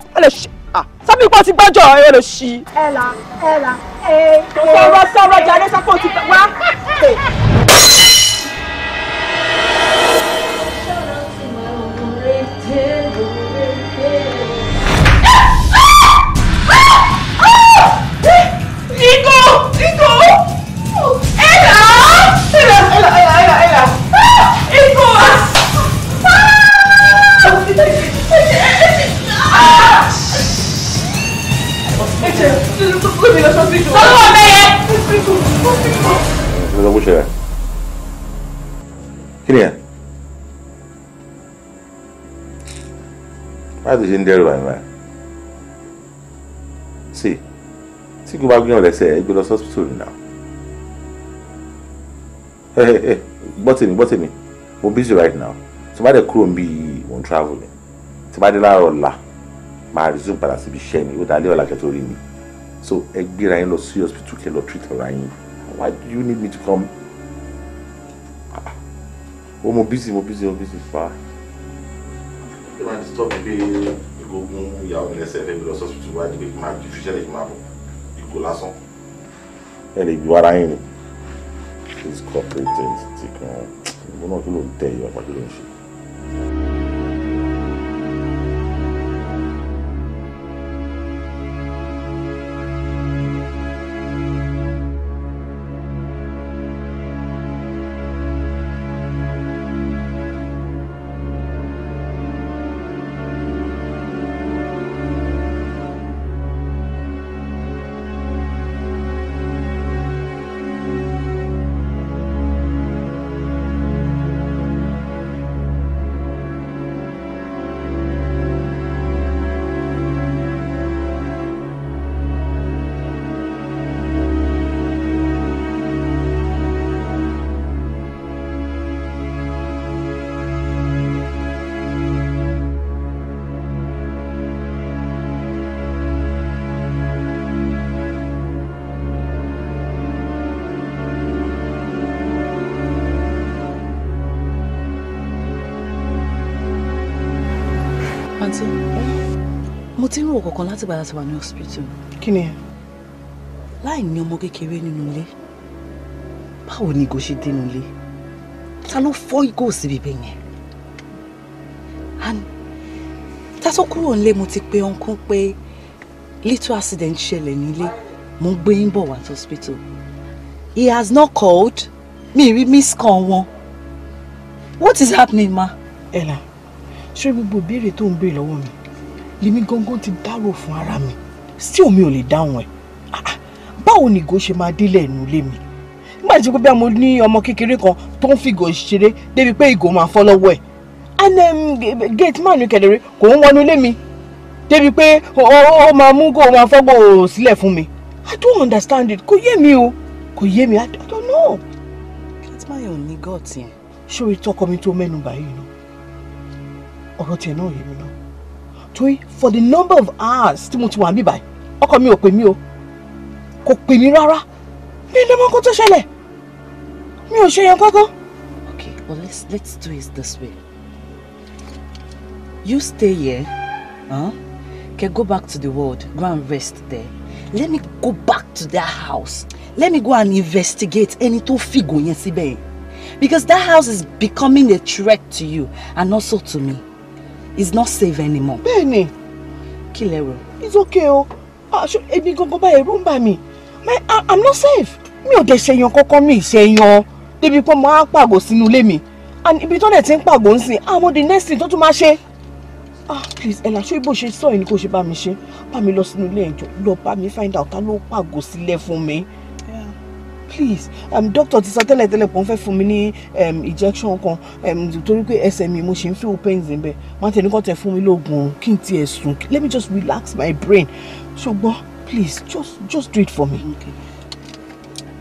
sábì pọ̀ ti gbọ́jọ̀ ẹ lè ṣí. ẹ là ẹ là ee. sọ̀rọ̀ sọ̀rọ̀ jàre sápò ti wá. Nico! Nico! ṣe ń dẹ́rù àìmọ́ sí tí kò bá gbìyànjú ẹsẹ̀ ẹ gbé lọ sọ́sítò náà gbọ́ tèmi gbọ́ tèmi mo busy right now tí bá dẹ̀ kúrò ń bí mò ń travel ni tí bá dé láàárọ̀ ọ̀la máa resume padà síbi iṣẹ́ ni ó dalẹ́ ọ̀la kẹ́ tó rí mi so ẹ gbéra yín lọ sí hospital kẹ́ lọ treat ọ̀ra yín why do you need me to come ah, o oh, mo busy mo busy mo busy fa. ṣé máa disturb pé egungun ìyàwó mi lẹ́sẹ̀ fẹ́ mi lọ sọ́sibítù wájú pé kí n máa fi ṣẹlẹ̀ kí n máa bọ̀ ìgò lásán. ẹ lè ju ara yín ni physical print entity kan ìgbóná kí ló ń tẹ ìyá ọ̀pá kí ló ń àǹtí mo ti ń rò kọ̀ọ̀kan láti gbàdá ti wà ní hospital. kí ni ẹ. láì ní ọmọ kékeré nínú ilé báwo ni ìgò ṣe dénú ilé ta ló fọ́ ìgò síbi ibẹ̀ yẹn and tásán kúrò nílé mo ti pe ọkùn pé little accident ṣẹlẹ̀ nílé mo ń gbé yín bọ̀ wá to hospital he has not called mi rí miss kan wọn what is happening ma. ella ṣé gbogbo ìbéèrè tó ń béèrè lọ́wọ́ mi lèmi gangan ti dárò fún ara mi sí omi ò lè dáhùn ẹ̀ ah, ah, báwo ni ìgò ṣe máa délẹ̀ ẹ̀nu ilé mi nígbà tí pé mo ní ọmọ kékeré kan tó ń fìgò ṣeré débi pé ìgò máa fọ́ lọ́wọ́ ẹ̀ and um, gate man kẹlẹ́rẹ́ kò ń wọnú ilé mi débi pé ó máa mú kó máa fọ́gbọ́ sílẹ̀ fún mi I don't understand it kò yé mi o kò yé mi I don't know. gate man ò ní gọ́ọ̀tì ẹ̀. ṣé orí tọkọ mi tó mẹ́nu báyìí nù ọ̀rọ̀ tiẹ̀ náà yé mi náà torí for the number of hours tí mo ti wà níbí báyìí ọkọ mi ò pè mí o kò pè mí rárá mi ò lọ́mọ kó tó ṣẹlẹ̀ mi ò ṣe yẹn kankan. okay well let's let's do it this way you stay here huh? can go back to the world go and rest there let me go back to that house let me go and investigate ẹni tó fìgò yẹn síbẹ̀ yẹn because that house is becoming a threat to you and also to me it's not safe anymore. bẹ́ẹ̀ni kí lẹ rò. it's okay o ah, èmi gangan bá ẹ̀rù ń bà mí i'm not safe Me, mi ò dé ṣèyàn kankan mi ìṣèyàn débi pé mo á pàgò sínú ilé mi and ibi tó dẹ̀ ti ń go ń sìn àmọ́ the next thing tó tún máa ṣe ah please ẹ̀ làṣọ ibo ṣe sọ yìí ni kò ṣe bá mi ṣe bá mi lọ sínú ilé ẹ̀jọ̀ lọ pa mi find out ta ló pàgò sílẹ̀ fún mi please um, doctor ti sọ tẹ́lẹ̀ tẹ́lẹ̀ pọ̀ ń fẹ́ fún mi ní um, injection kan um, torí pé ẹsẹ̀ mi e, mo ṣe ń feel pains ń bẹ̀ wọ́n ti ní kó tẹ̀ fún mi lóògùn kí n tiẹ̀ sùn let me just relax my brain ṣùgbọ́n please just just do it for me. Okay.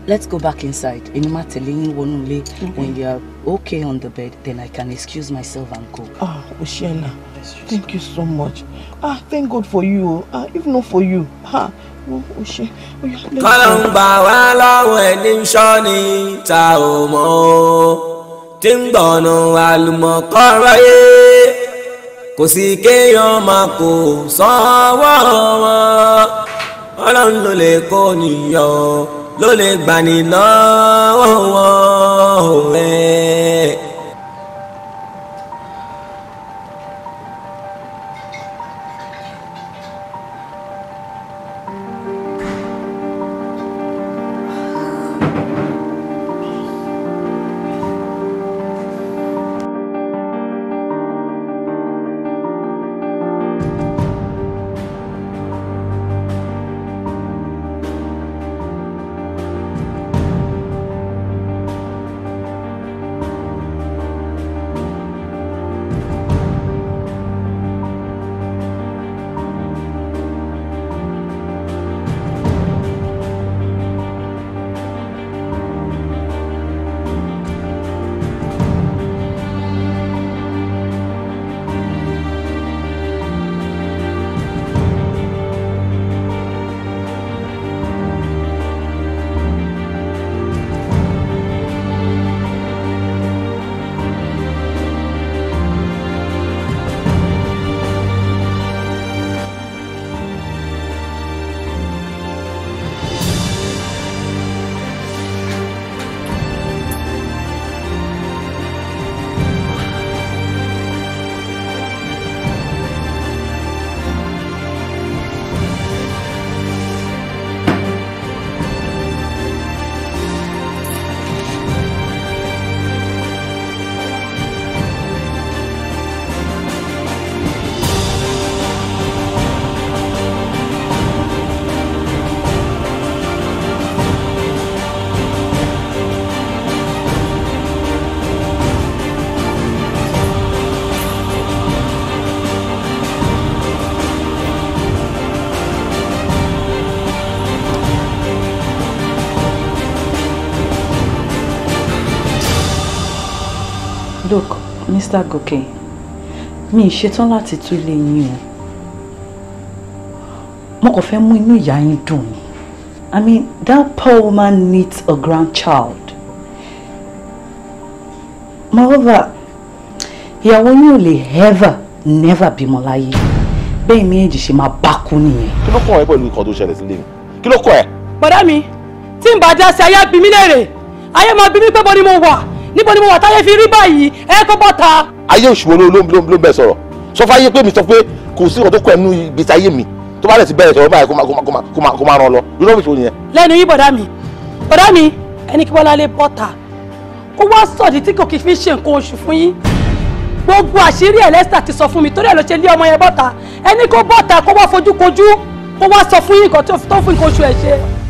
Let's go back inside. Èmi máa tẹ̀lé yín wọnú ilé. When you are okay on the bed, then I can excuse myself and go. Ah, Oshiana, thank you so much. Ah, thank God for you. Ah, if not for you, ah, kọ́lọ́n gbà wá lọ́wọ́ ẹni sọ́ni ta ò mọ̀ ọ́ tí ń gbọ̀nà àlùmọ̀kọ́rọ́ yé kò sí kéèyàn máa kó sọ́wọ́ wọn ọlọ́run ló lè kó nìyọ ló lè gbani lọ́wọ́ wọn ò rẹ̀. look Mr. Goke, me ì ṣetán láti tú ilé yín o mo kàn fẹ́ mú inú I mean that poor woman needs a grandchild moreover ìyàwó yín ò lè ever never be láyé Be méjì ṣe máa bá kú nìyẹn. kí ló kọ́ ẹ pẹ̀lú nǹkan tó ṣẹlẹ̀ sílé mi kí ló kọ́ ẹ. bọ̀dá mi tí n bá dá sí ayé bí mi léèrè ayé máa bí níbo ni mo wà táyé fi rí báyìí ẹ kó bọ́ta. ayé òṣùwọ̀n ló ló ló bẹ́ẹ̀ sọ̀rọ̀ sọ fún ayé pé mi sọ pé kò sí ọ̀dọ́ kọ́ ẹnu ìgbésí ayé mi tó bá rẹ̀ ti bẹ̀rẹ̀ sọ̀rọ̀ báyìí kó máa kó máa kó máa kó máa ràn lọ lórí òṣùwọ̀n yẹn. lẹ́nu yìí bọ̀dá mi bọ̀dá mi ẹni kí Bọ́lá lè bọ́ta kó wá sọ̀dí tí kò kì í fi ṣe nǹkan oṣù fún yín gbogbo àṣírí ẹ̀ lẹ́sà ti sọ fún mi torí ẹ̀ ló ṣe lé ọmọ yẹn bọ́ta ẹni kó bọ́ta kó wá fojú kojú kó wá sọ fún yín nǹkan tó fún nǹkan oṣù ẹ̀ ṣe.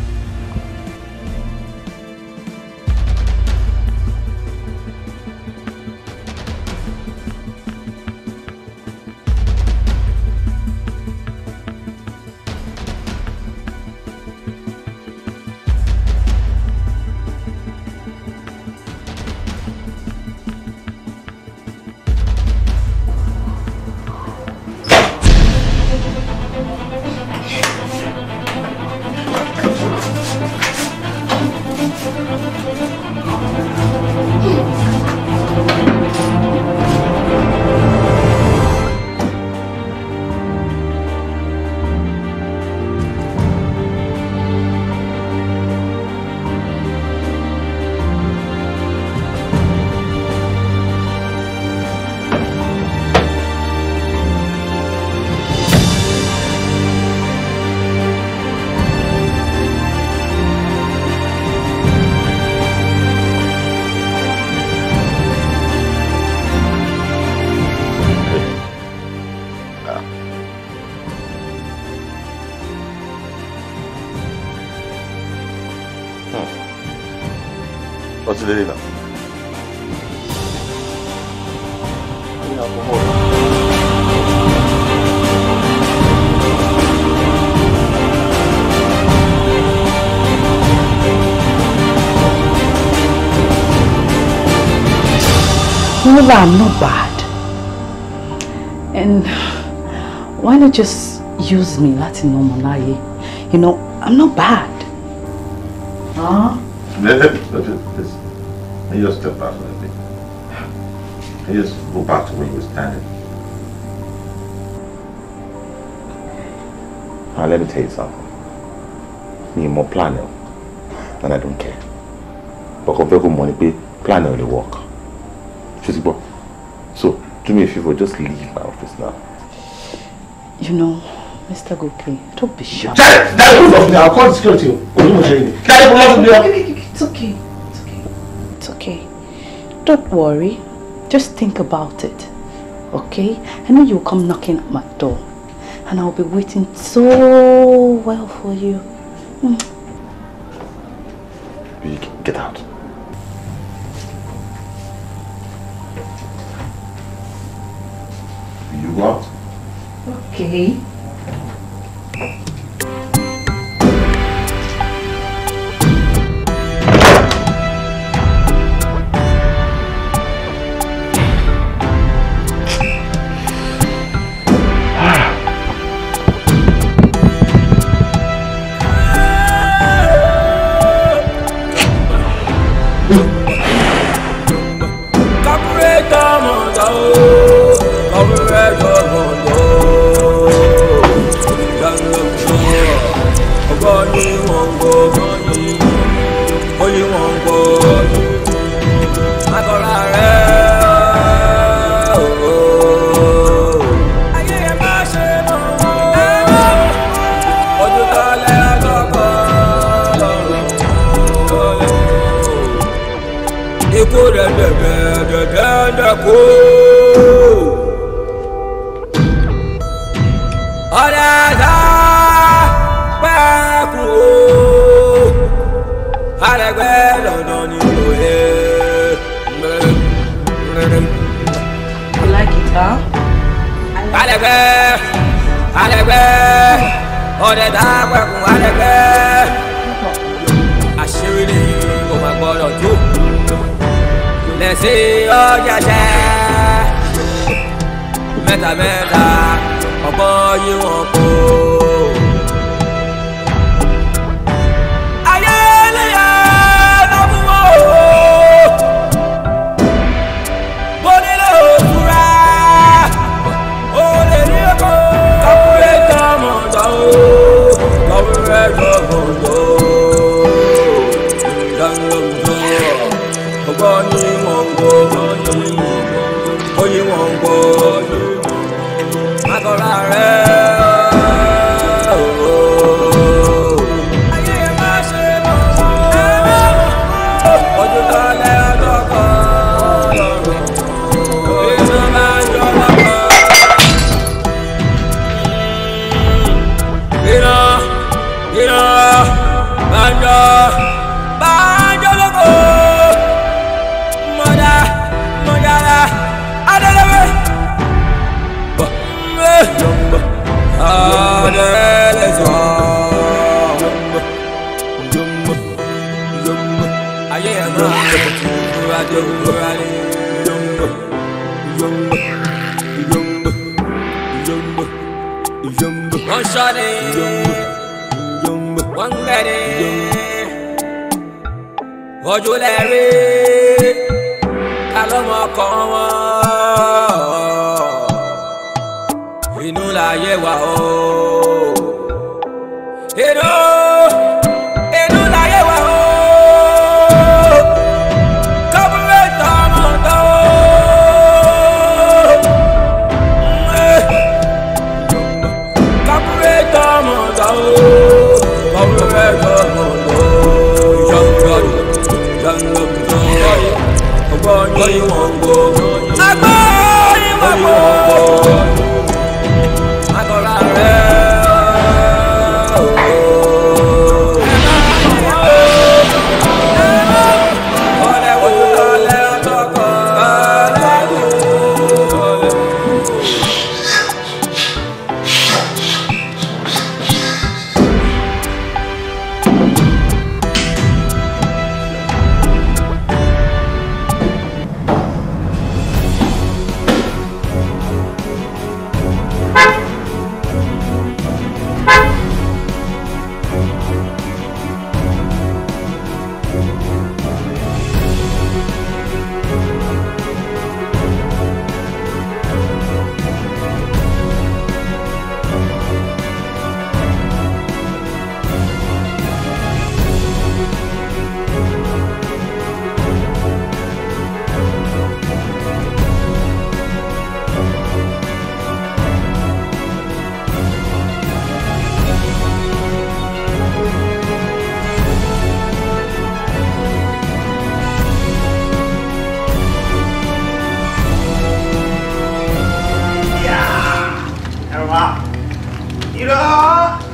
Deriva. I'm not bad, and why not just use me, Latin normal, you know, I'm not bad. just step back a little bit. He just go back to where you were standing. Now let me tell you something. Me more plan and I don't care. But compare to money, pay plan only work. Feasible. So do me a favor, just leave my office now. You know, Mr. Gopi, don't be sure. That, that is enough I'll call the security. It's okay. Don't worry. Just think about it. Okay? I know you'll come knocking at my door. And I'll be waiting so well for you. Mm. Get out. You go out. Okay.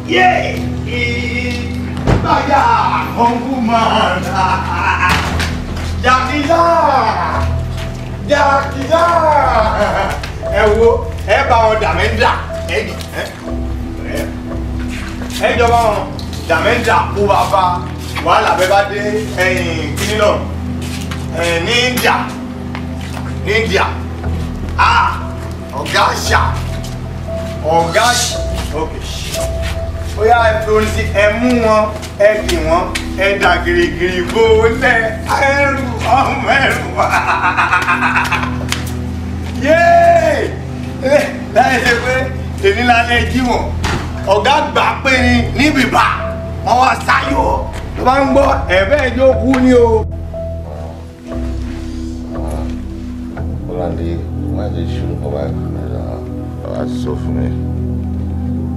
Yeah! Baya! Hongu man! Dakila! Dakila! Ẹ wo, ẹ bá wọn dàmẹ́ńdà. Ẹ jọba wọn dàmẹ́ńdà kú bàbá. Wàhálà bẹ́ẹ̀ bá dé ẹ̀yìn kíní náà. Ní India. Ní India. Ah! Ọ̀gá àṣà. Ọ̀gá àṣà. Okay ó yá ẹ fi orin sí ẹ mú wọn ẹ dì wọn ẹ dà gìrìgìrì bó lẹ ẹrù ọmọ ẹrù wá. yéé láyé ṣe pé èmi lálẹ́ jímọ̀ ọ̀gá gbà pé ni níbi bá wọn wá sáyò tó bá ń gbọ́ ẹ̀fẹ́ ìjókòó ni o. Ọláńdé, wọ́n á ti ṣú ọba ìgbìmọ̀ ìlànà, ọba ti sọ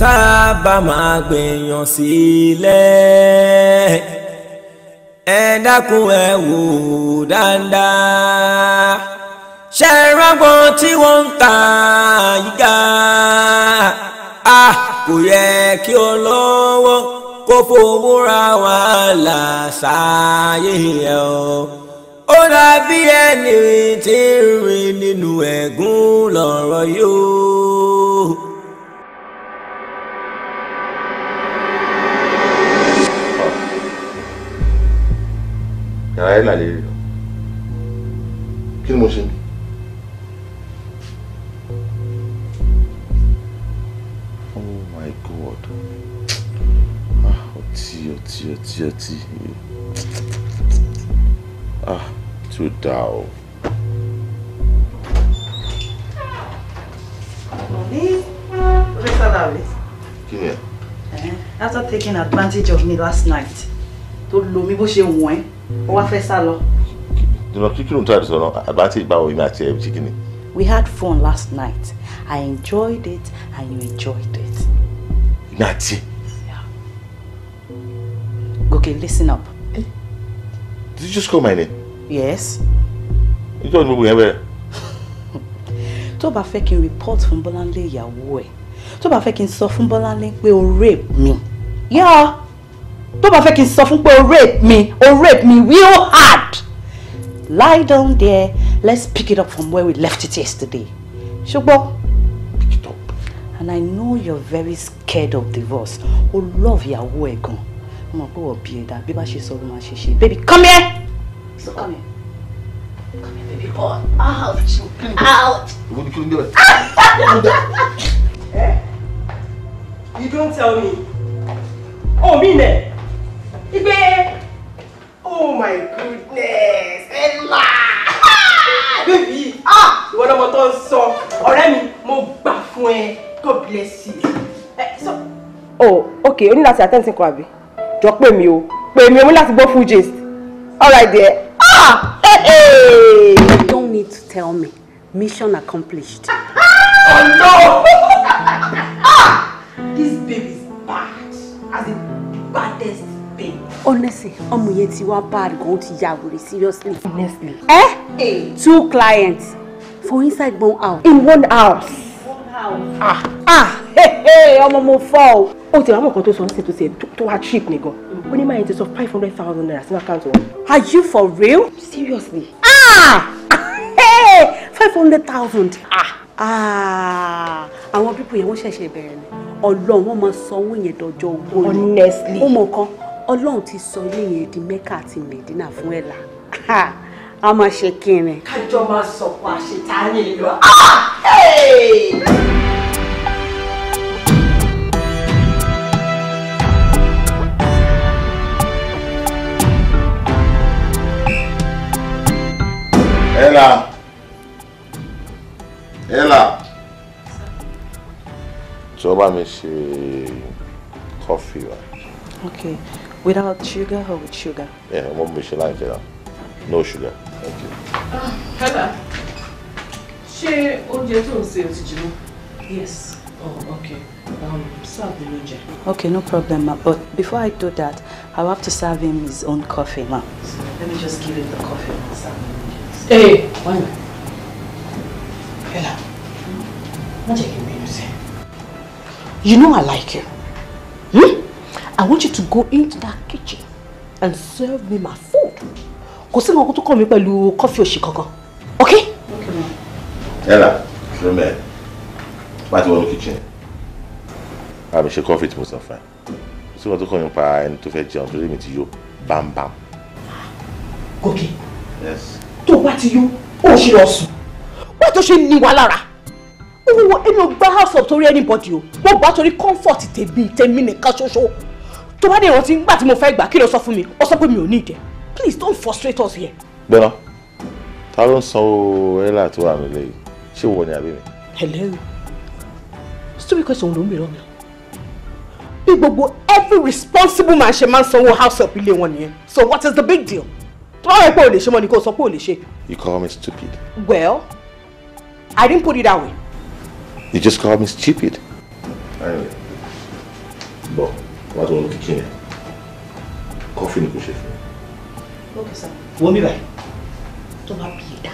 tá a bá máa gbèyàn sílẹ̀ ẹ dákun ẹ wò dáadáa ṣe rọ́gbọ́n tí wọ́n ń ta yíká a kò yẹ kí o lọ́wọ́ kó fowó ra wàhálà ṣááyé ẹ o ó dàbí ẹni tí ń rìn nínú ẹ̀gún lọ̀rọ̀ yóò. yàrá yẹn làlẹ́ rí lọ kí ni mo ṣe ń bí. oh my god ah ọtí ọtí ọtí ọtí ah tó dáa o. Kí ni ẹ? Eh, after taking advantage of me last night tó lo bó ṣe wù ẹ́ ó wá fẹ́ sá lọ. dùnà kíkì ló ń tàbí sọ̀rọ̀ àbá tí ìgbà òyìnbó àti ẹ̀ ṣe kíni. we had fun last night i enjoyed it and you enjoyed it. ìgbà àti. gòkè listen up. Eh? did you just call my name. yes. ìjọ ni mo yẹn bẹ̀rẹ̀. tó bá fẹ́ kí n report fún Bọ́láńlé ìyàwó ẹ̀ tó bá fẹ́ kí n sọ fún Bọ́láńlé pé o rape me. yọ́ọ́. Yeah tó bá fẹ́ kí n sọ fún pé o rape me o rape me real hard lie down there let's pick it up from where we left it yesterday ṣùgbọ́n pick it up and I know you're very scared of divorce o love ìyàwó ẹ̀ gan mo pé wọ́n bí ẹ̀dá bí bá ṣe sọ ló máa ṣe ṣe baby come here so come here. Come here, baby boy. Ouch! Ouch! What did you do? Eh? You don't tell me. Oh, me, man. Igbe! Oh my goodness! Ella! baby, Ah! Ìwọ lọmọ tó ń sọ. Ọ̀rẹ́ mi, mo gbà fún ẹ. God bless you. Ẹ eh, sọ. Oh, okay, o ní láti attend sí kan àbí? Jọ pè mí o. Pè mí o, mo láti gbọ́ full gist. Alright there. Ah! Hey, hey! You don't need to tell me. Mission accomplished. Oh no! ah! This baby is bad. As the baddest honestly ọmọ yẹn ti wá bad gan to ti ya seriously. honestly. ẹ eh? eh? two clients for inside one house in one house. ah ah hey, hey, I'm o. ó ti rà mọ̀ kan tó sọ ní ṣètò ṣe tó wá cheap nìkan ó ní máa yẹn ti sọ five hundred thousand naira in àkáǹtì wọn. are you for real. seriously. ah five hundred thousand. ah ah àwọn pípọ̀ yẹn want to share ni ọlọ́run wọ́n máa sanwó yẹn dọjọ́ owó yẹn. honestly. ó mọ̀ kan ọlọ́run ti sọ ilé yẹn di mẹ́kà àti mẹ́dínà fún ẹ̀là a máa ṣe kínrin. kájọ máa sọ̀kọ̀ àṣetánì lọ. ẹ̀là ẹ̀là tí wọ́n bá mi ṣe kọfí wa. okay. Without sugar or with sugar? Yeah, I one with sugar, like uh, No sugar. Thank you. Ah, Hello. Ṣé oúnjẹ tó ń ṣe ti jiná? Yes. Oh, okay. Um, serve the oúnjẹ. Okay, no problem, ma. But before I do that, I'll have to serve him his own coffee, ma. let me just give him the coffee and serve him. Hey, why not? Ella, what hmm? jẹ́ you n You know I like you. I want you to go into that kitchen and serve me my food. Kò sí nǹkan tó kàn mí pẹ̀lú kọ́fì òṣì Okay, Ok? Ella, ṣe mẹ́ẹ̀, bá ti the kitchen. I'm ṣe coffee tí mo sọ fún ẹ. Kò sí nǹkan tó kàn mí pa ẹni tó fẹ́ jẹun torí mi ti bam. bámbám. Gòkè. Yes. To what bá ti yó, ó ṣe lọ sùn. Wọ́n tó ṣe ní wa lára owó èmi ò gbá house up torí anybody o mo gbà torí comfort tèmi tèmi nìkan ṣoṣo tó bá dé ìrántí nígbà tí mo fẹ́ gbà kí ló sọ fún mi ó sọ pé mi ò ní ìdẹ please don't frustrate us here. gbọ́dọ̀ ta ló ń san owó ẹ̀là tó wà nílé yìí ṣé wọ ni àbí mi. hello stupid question ló ń bèrè ọ̀nà bí gbogbo every responsible man ṣe máa ń sanwó house help ilé wọn nìyẹn so what is the big deal tó bá wẹ̀ pé ò lè ṣe mọ́ ni kó sọ pé ò lè ṣe. you call me stupid. well I didn't put it that way. You just call me stupid. Anyway, wà tó wọn kitchen yẹn kọfí ni kò ṣe fún un. wọ́n mi báyìí tó bá Hmm? ìdá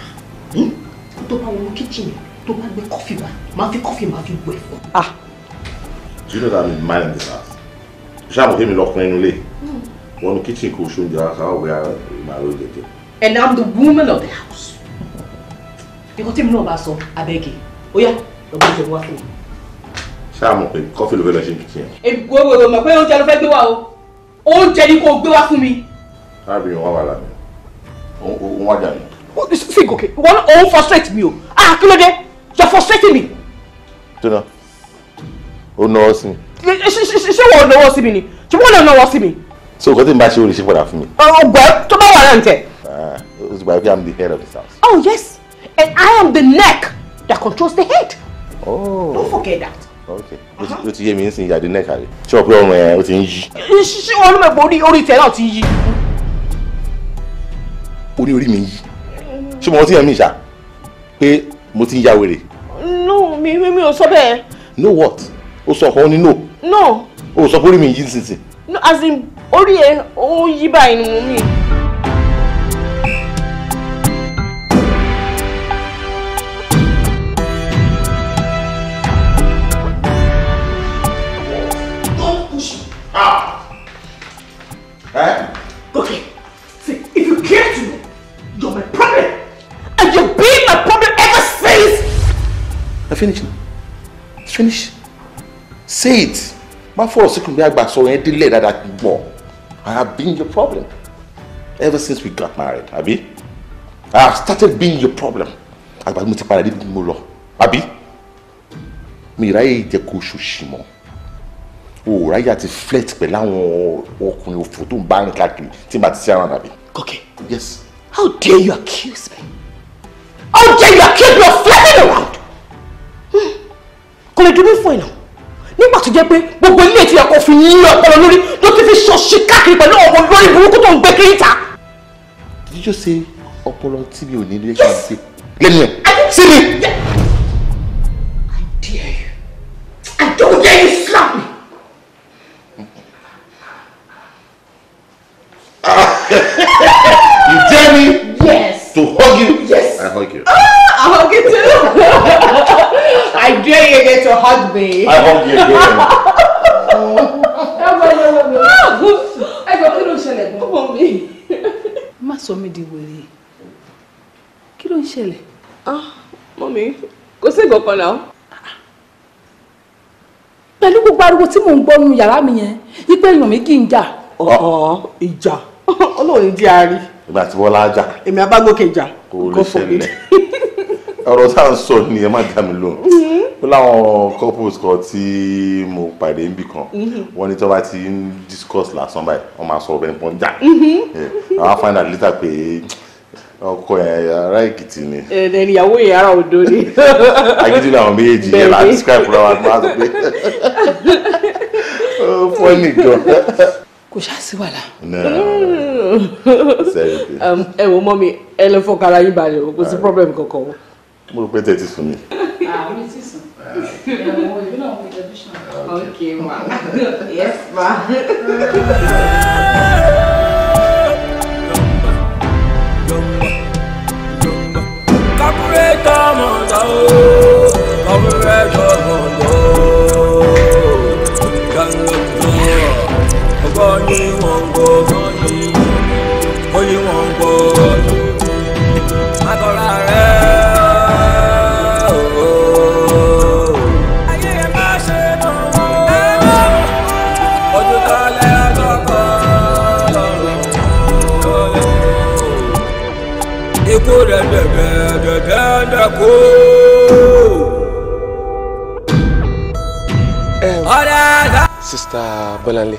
tó bá wọnú kitchen To tó bá gbé kọfí bá máa fi kọfí máa fi bu ẹ̀ ah. do you know that i'm minding this house ṣé àwọn òfin mi lọkùnrin inú ilé hmm. wọnú kitchen kò ṣe oúnjẹ we are òwe màálù jẹjẹ. and i'm the woman of the house. ìkọ́tí mi náà bá so. abẹ́gẹ́ ó yá lọ́gbọ́n jẹ̀wọ́ wá fún mi ṣáà mọ̀ pé kọ́fì ló fẹ́ lọ ṣe ní kìtìyàn. ègbò gbogbo mọ̀ pé oúnjẹ ló fẹ́ gbé wá o oúnjẹ ni kò gbé wá fún mi. arábìnrin wa wà lánàá òun wá jà mí. sí gòkè wọn òun frustrate mi o ah kí ló dé you're frustrating me. tóná ó náwó sí mi. ṣé wọn ò náwó sí mi ni ṣé wọn ò náwó sí mi. so nǹkan tí n bá ṣe oríṣi padà fún mi. ọgbẹ tó bá wà náà ń tẹ. o ti gba pé i'm the head of this house. oh yes and i am the neck that controls the head. oh don't forget that ó ti yé mi nísìnyí àdé nẹ́ẹ̀kà rẹ̀ ṣé ọ̀pẹ ọrùn ẹ̀ ó ti ń yí. ṣé olùmẹ̀gbọ́ orí tẹ̀ náà ti yí. ó ní orí mi yí ṣé mo ti yàn mí ṣá pé mo ti ya wèrè. no mi mi mi ò sọ bẹ́ẹ̀. no what ó sọ ọkọ ó no. no. ó sọ pé orí mi yí nísinsìnyí. no as in orí ẹ ó yí báyìí ni mo mi. say it má fọ̀rọ̀ síkùn bí àgbà sọ̀rọ̀ yẹn délẹ̀ dáadáa gbọ̀ I have been your problem ever since we got married àbí I have started being your problem àgbà mi ti padà débi mo lọ àbí mi ìráyè jẹ́ kó ṣòṣì mọ́ òòráyà ti flirt pẹ̀lú àwọn ọkùnrin òfò tó ń bá rìn káàkiri tí màá ti ṣe àwọn àbí. Gòkè. Yes. How dare you accuse me? How dare you accuse me of flirting around? Hmm. Kò lè dúró fún ẹ náà nígbà tó jẹ́ pé gbogbo ilé tí ẹ̀kọ́ fi yí ọpọlọ lórí ló ti fi ṣọ̀ṣì káàkiri pẹ̀lú ọ̀pọ̀ lórí burúkú tó ń gbé kiri ta. did you just say ọpọlọ tí mi ò ní ilé ṣáà sí lẹ́nu ẹ̀ sí mi. I dare you I dare you slap me. Ah. get to hug me. I hug you again. Oh, ẹgbẹ́ ẹgbẹ́ ẹgbẹ́ kí ló ń ṣẹlẹ̀ gan. ọmọ mi. má sọ mi di wèrè kí ló ń ṣẹlẹ̀. ah mọ́mí kò sí ìgbọ̀kan náà. pẹ̀lú gbogbo ariwo tí mò ń gbọ́ nu yàrá mi yẹn ipe èèyàn mi kì í jà. ọ̀hún ìjà ọlọ́run di ari. ìgbà tí wọ́n lá jà. èmi abágòkè jà. kò lè ṣẹlẹ̀. ọ̀rọ̀ tá à ń sọ ni ẹ má dá mi lóhùn mm-hmm. ó láwọn couples kan tí mo pàdé níbì kan mm-hmm. wọ́n ní tí wọ́n bá ti ń discuss lásán báyìí wọ́n máa sọ ọbẹ̀ nǹkan jà mm-hmm. eh, àwọn find out later pé ọkọ ẹ ará èkìtì ni. ẹnẹ eh, ìyàwó yẹn ará odò ni. agídí làwọn méjèèjì yẹn la describe fúnra wa máa sọ pé fọ́nì gan. kò ṣáà sí wàhálà. Mm. Um, ẹ wo mọ́ mi ẹ lọ fọ́ yín balẹ̀ o kò sí problem kankan o mo rò pé tẹ̀ ti sùn ni. àmì ah, ti sùn ah. ẹ̀wọ̀n ìlú náà mo tẹlifíṣàn. Ah, ok ma yes ma. kó dẹ̀dẹ̀dẹ̀dẹ̀dẹ̀ kó. sista bọ́láńlé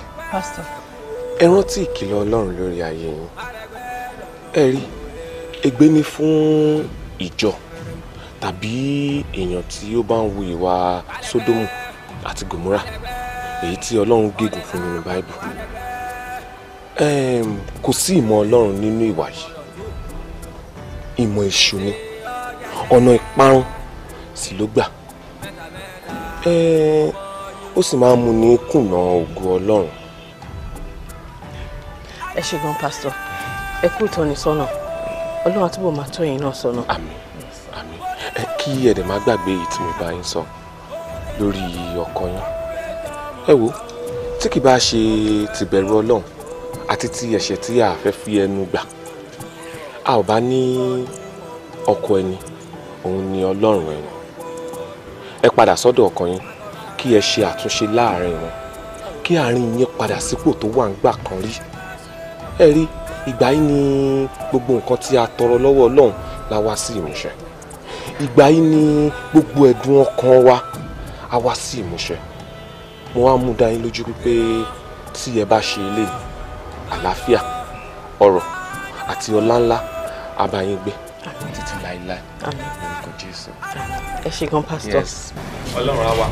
ẹ rántí ìkìlọ̀ ọlọ́run lórí ayé yín ẹ rí ègbé ni fún ìjọ tàbí èèyàn tí ó bá ń wu ìwà sódómù àti gòmórà èyí tí ọlọ́run gégùn fún nínú báíbù kò sí ìmọ̀ ọlọ́run nínú ìwà yìí ìmọ̀ èṣù ni ọ̀nà ìparun sì ló gbà ó sì máa ń mú ní kùnà ògo ọlọ́run. ẹ ṣé gan pásítọ̀ ẹ kú ìtọ́nisọ́nà ọlọ́run àtúbọ̀ máa tọ́ yín náà sọ́nà. àmín àmín ẹ kí ẹ̀dẹ̀ má gbàgbé ìtumọ̀ ìbá yín sọ lórí ọkọ yín ẹ wo tí kì bá ṣe tìbẹ̀rù ọlọ́run àti ti ẹ̀ṣẹ̀ tí a fẹ́ fi ẹnu gbà a ò bá ní ọkọ ẹni òun ni ọlọ́run ẹni ẹ padà sọ́dọ̀ ọkọ yín kí ẹ ṣe àtúnṣe láàrin wọn kí àárín yín padà sípò tó wà ńgbà kan rí ẹ rí ìgbà yìí ni gbogbo nǹkan tí a tọrọ lọ́wọ́ ọlọ́run la wá sí ìmúṣẹ ìgbà yìí ni gbogbo ẹ̀dùn ọkàn wa a wá sí ìmúṣẹ mo wá mú dá lójú pé tí ẹ bá ṣe eléyìí àlàáfíà ọrọ̀ àti ọlá ńlá abayin gbé títí láéláé lórúkọ Jésù. ẹ ṣe gan Yes. ọlọ́run á wà.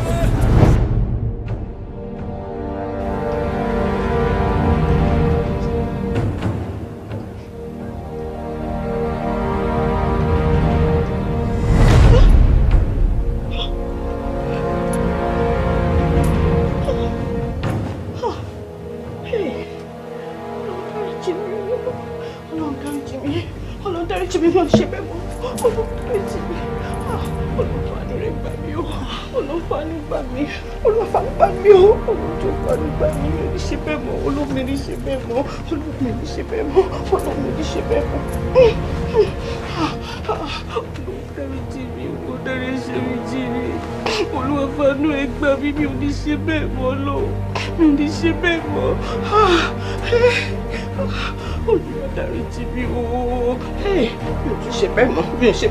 bẹ́ẹ̀ mọ́ bí n ṣe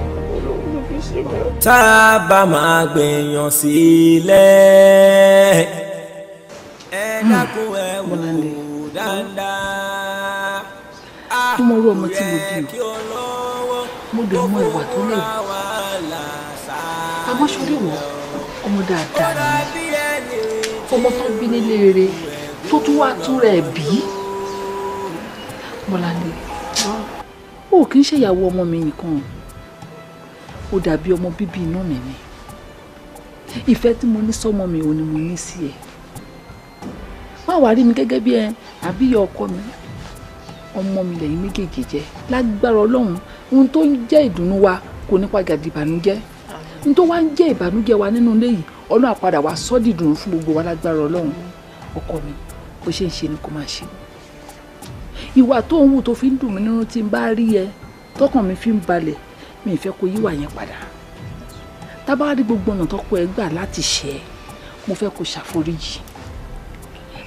tá a bá máa gbèyàn sílẹ̀ ẹ dákun ẹ wò hmm. dáadáa. mo mọ irú ọmọ tí mo bí o mo dẹ̀ mọ ìwà tó lè àmọ́ sórí wọn ọmọ dáadáa ni ọmọ tó bí nílé rere tó tún wá túrẹ̀ bí Bọ́láńlé. o kì ya ṣèyàwó omo mi nikan o dabi ọmọ bíbí inú mi ni ife ti mo so omo mi ò mo si e ma mi bi abi ọkọ mi omo mi lẹ́yìn méjèèjì jẹ́ lagbara olohun ohun to ń jẹ́ wa kò ní wa wa gbogbo wa ọkọ mi ni ìwà tó ń wù tó fi ń dùn mí nínú tí n bá rí ẹ tọkàn mi fi ń balẹ̀ mi ì fẹ́ kó yíwà yẹn padà tábà rí gbogbo ọ̀nà tọkọ ẹ gbà láti ṣe é mo fẹ́ kó ṣàforíjì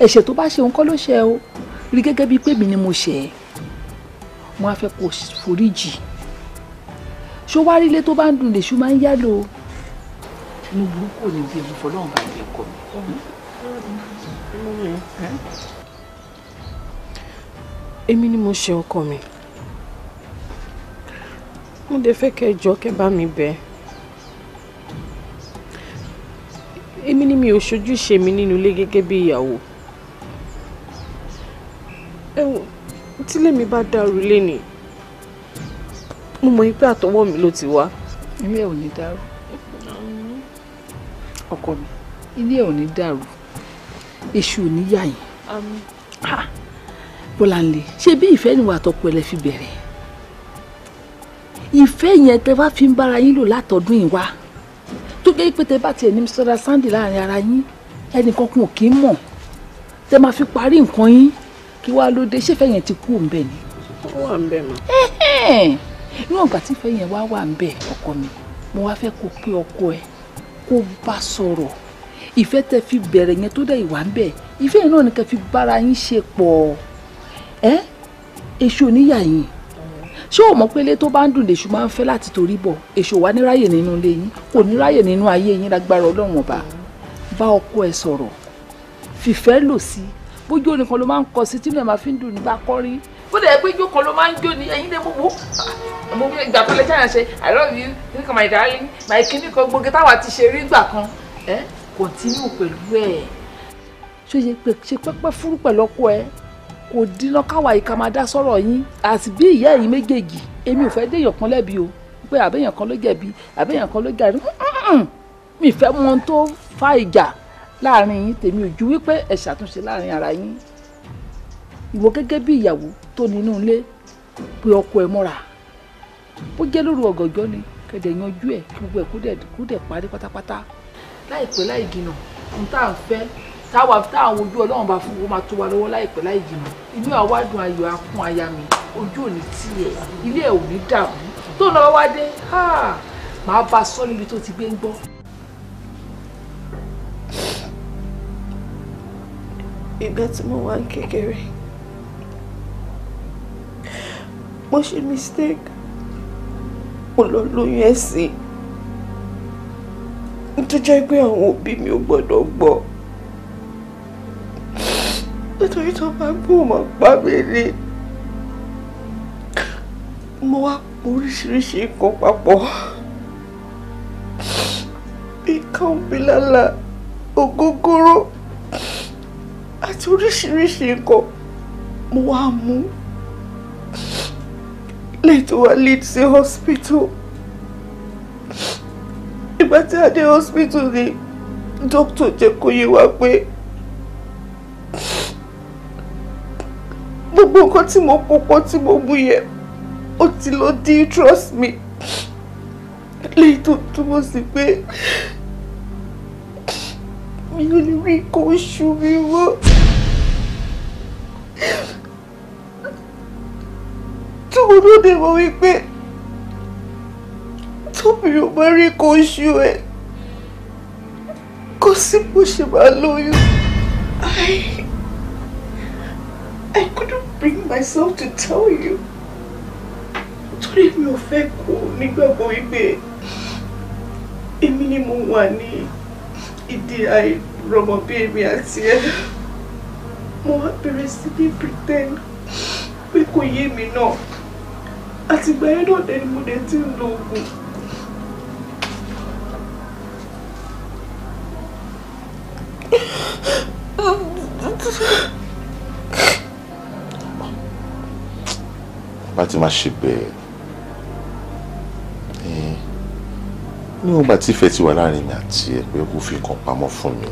ẹ̀ṣẹ̀ tó bá ṣe òun kọ́ ló ṣe o rí gẹ́gẹ́ bíi pé mi ni mo ṣe é mo á fẹ́ kó foríjì ṣó wá rí ilé tó bá ń dùn lèṣu máa ń yálò inú burúkú ò ní bí ẹmu fọlọ́run bá ń bí mi èmi ni mo ṣe ọkọ mi mo dé fẹ́ kẹ́ jọ kẹ́ bá mi bẹ̀ èmi ni mi ò ṣojúṣe mi nínú ilé gẹ́gẹ́ bí ìyàwó ẹ̀wọ̀n tílé mi bá dàrú léni mo mọ̀ pé àtọwọ́ mi ló ti wá. ilé ò ní dàrú ọkọ mi ilé ò ní dàrú èṣù ò ní yà Bọ́láńlé ṣé bí ìfẹ́ níwà àtọkọ ẹ lẹ fi bẹ̀rẹ̀ ìfẹ́ yẹn tẹ bá fi ń bára yín lò látọdún ìwá tó jẹ́ pé tẹ bá tiẹ̀ ní Mr. Sandy láàrin ara yín ẹnìkan kún kì í mọ̀ tẹ máa fi parí nǹkan yín kí wàá ló dé ṣéfẹ́ yẹn ti kú òǹbẹ ni. ó wà ń bẹ mọ. níwọ̀n ìgbà tí ìfẹ́ yẹn wá wà ń bẹ ọkọ mi mo wá fẹ́ kó pé ọkọ ẹ kó bá sọ̀rọ̀ ìfẹ́ tẹ fi bẹ̀rẹ̀ yẹn tó dẹ̀ ìwà ń bẹ ìfẹ́ yẹn náà ni kẹ́ fi bára yín ṣe pọ̀ ẹ èṣù oníyà yìí ṣé o mọ̀ pé ilé tó bá ń dùn lèṣù máa ń fẹ́ láti torí bọ̀ èṣù wà níráyè nínú ilé yín kò níráyè nínú ayé yín lágbára ọlọ́run ọba bá ọkọ ẹ sọ̀rọ̀ fìfẹ́ lò sí bójú onìkan ló máa ń kọ sí tí mẹ́ẹ̀má fi ń dùn nígbà kọ́rí bó dẹ̀ pé kan ló máa ń jó ni ẹ̀yin lè gbogbo mo fi ìgbà tó lè ṣáà ṣe i love you kí my darling my kini kan gbogbo táwa ti ṣe rí ìgbà kan ẹ continue pẹ̀lú ẹ̀ ṣe pé fúrú pẹ̀lú ọkọ ẹ kò dínà káwa yìí ká máa dá sọ̀rọ̀ yín àti bí ìyá ẹ̀yin méjèèjì èmi ò fẹ́ déèyàn kan lẹ́bi o pé àbẹ̀yàn kan ló jẹ̀bi àbẹ̀yàn kan ló jàre mi fẹ́ mọ ohun tó fa ìjà láàrin yín tèmi ò ju wípé ẹ ṣàtúnṣe láàrin ara yín ìwọ gẹ́gẹ́ bí ìyàwó tó nínú ilé pé ọkọ ẹ mọ́ra bó jẹ́ lóru ọ̀gànjọ́ ni kẹ̀dẹ̀ yanjú ẹ̀ gbogbo ẹ̀ kó dẹ̀ parí pátápátá láìpẹ́ láì jìnnà ohun tá à ń fẹ́ táwa táwọn ojú ọlọ́run bá fún wọn máa tó wa lọ́wọ́ láìpẹ́ láì jìnnà inú àwádùn ayọ̀ akún aya mi ojú òní tiẹ̀ ilé ẹ̀ ò ní tó ń lọ́wọ́ wá máa bá a sọ tó ti gbé ń gbọ́. ìgbà tí mo wà ní kékeré mo ṣe mistake mo lọ lóyún ẹ̀sìn nítorí pé àwọn òbí mi ò gbọ́dọ̀ gbọ́. Bo nítorí tó bá gbóòmọ̀ pa mí ni mo wá oríṣiríṣi nǹkan papọ̀ bíi kọ́ńbílálà ògógóró àti oríṣiríṣi nǹkan mo wá mú lẹ́yìn tó wá lead sí hospital ìgbà tí a dé hospital ni dókítà jẹ́ kó yé wa pé. gbogbo nǹkan tí mo kópọ̀ tí mo mú yẹ ó ti lọ dí trust me léyìí tó túmọ̀ sí pé mi ò lè rí nǹkan oṣù mi mọ́. tóun ló dé mọ̀ wípé tóbi ò bá rí nǹkan oṣù ẹ̀ kò sí bó ṣe máa lóyún. I couldn't bring myself to tell you torí mi ò fẹ́ kú nígbàgbọ́ wípé èmi ni mo wà ní ìdí àìrọmọbí èmi àti ẹ mo wá bẹ̀rẹ̀ sí ní pretend pé kò yé mi náà àtìgbà yẹn náà dẹni mo dẹ̀ ti ń lo oògùn. Oh, láti máa ṣe bẹ́ẹ̀ níwọ̀n gbà tí ìfẹ́ ti wà láàrin mi àti ẹ pé kò fi nǹkan pamọ́ fún mi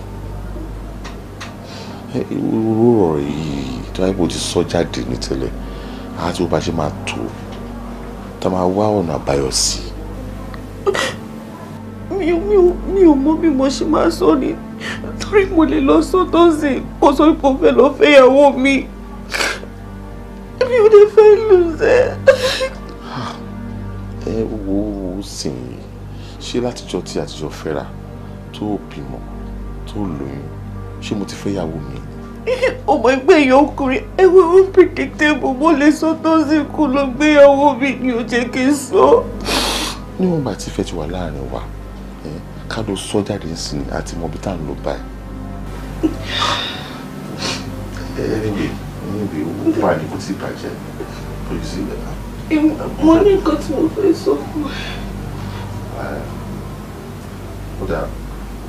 irú ọ̀rọ̀ yìí tó wáyé bó ti sọ jáde ní tẹ́lẹ̀ àti bó bá ṣe máa tó tá máa wá ọ̀nà àbáyọ sí i mi ò mi ò mi ò mọ bí mo ṣe máa sọ ni torí mo lè lọ sọ́tọ̀ sí kó sọ pé mo fẹ́ lọ fẹ́yàwó mi lùzẹ̀. ẹ wo sìn ṣé látijọ́ tí àtijọ́ fẹ́ra tó bímọ tó lóyún ṣé mo ti fẹ́ yàwó mi ọmọ ẹgbẹ́ èèyàn ọkùnrin ẹwẹ́ ó ń predictable mo lè sọ tó sì kú lọ gbéyàwó mi ni ò jẹ́ kí n sọ. níwọ̀n bá ti fẹ́ ti wà láàrin wa káàdó sọ jáde ń sìn àti mọ̀bí tá à ń lò báyìí. ẹ ẹ níbi níbi owó wà kò tí bàjẹ́ mo ní nǹkan tí mo fẹ́ sọ fún ẹ. ó dà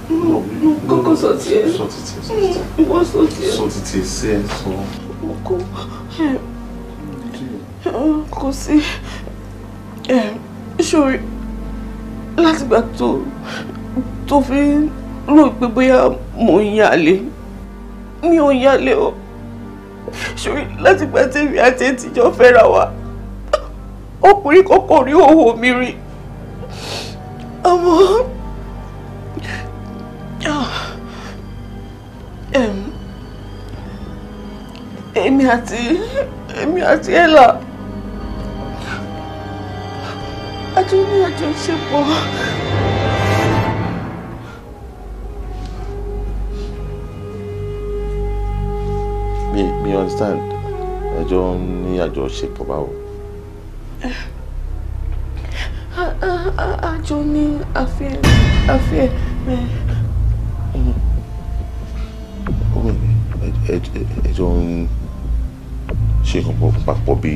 mo kọ́kọ́ sọ tiẹ̀ mo mm, sọ tiẹ̀ sọ tiẹ̀ sí ẹ sọ. mo kọ kò sí sórí látìgbà tó tó fi ń rò pé bóyá mo ń yàlé mi ò yàlé o ṣòrí láti gba tèmi àti ètìjọ fẹ́ra wa ọkùnrin kọ́kọ́ rí òwò mi rí àmọ́ èmi àti èmi àti ẹ̀là a tún ní àjọṣepọ̀. mi understand ẹjọ́ ní àjọṣepọ̀ báwo. àjọ ní àfẹ́ àfẹ́ ẹjọ́ ń ṣe nǹkan papọ̀ bí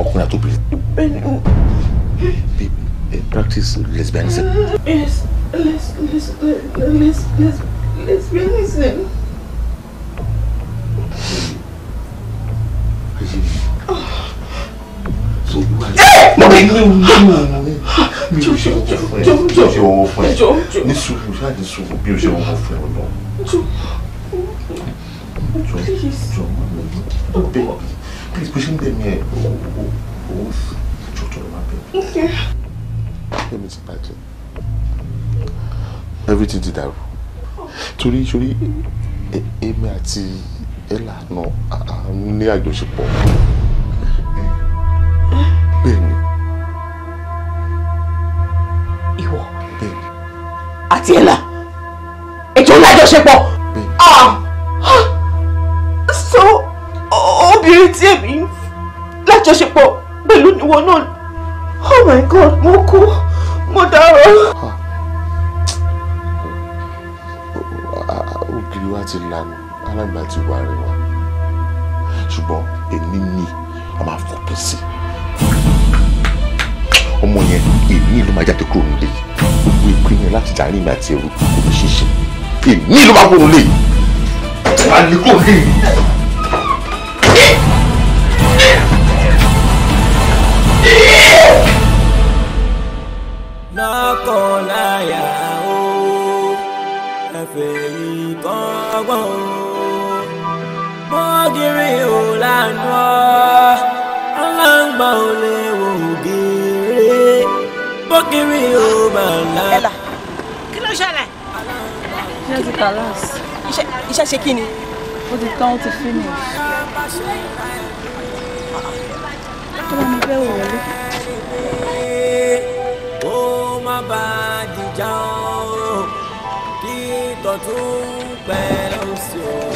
ọkùnrin àti obìnrin. bí practice lesbianism. yes les les les les lesbianism. méjì ni. mo bẹ ní ìwé mi mi ò ṣe owó fún ẹ ní sùúrù ṣáàdì sùúrù bí o ṣe owó fún ẹ lọ. Please, push him there, me. Oh, oh, oh, oh, oh, okay. Let me see back Everything did that. Torí, torí, èmi àti ìlànà ní àjọṣepọ̀ bẹ́ẹ̀ni. ìwọ àti ẹ̀là ètò ní àjọṣepọ̀ so obìnrin tí èmi lájọṣepọ̀ pẹ̀lú ìwọ náà oh my god mo kú mo dára. ògiri wa ti lànà alàgbà ti wà rẹwà ṣùgbọ́n èmi ni a máa fòpin sí ọmọ yẹn èmi ló máa jáde kúrò nílé gbogbo ìpín yẹn láti dàrí ìgbà tí ẹrù kò ní ṣíṣe èmi ló máa kúrò nílé wà ní kúrò nílé. lọ́kọ̀ ó ẹ̀fẹ̀ yìí kọ́ gbọ́n ògiri ò lànà aláǹgbá ò lè wò ògiri bógiri ò bà lá. kí ló ṣẹlẹ̀. iṣẹ́ ti kàlás. iṣẹ́ ṣe kí ni. ó ti tán ó ti finish. tó bá mi fẹ́ wò wọlé. ó má bá a dìjà ó kí tọ̀tún pẹ̀lú sí o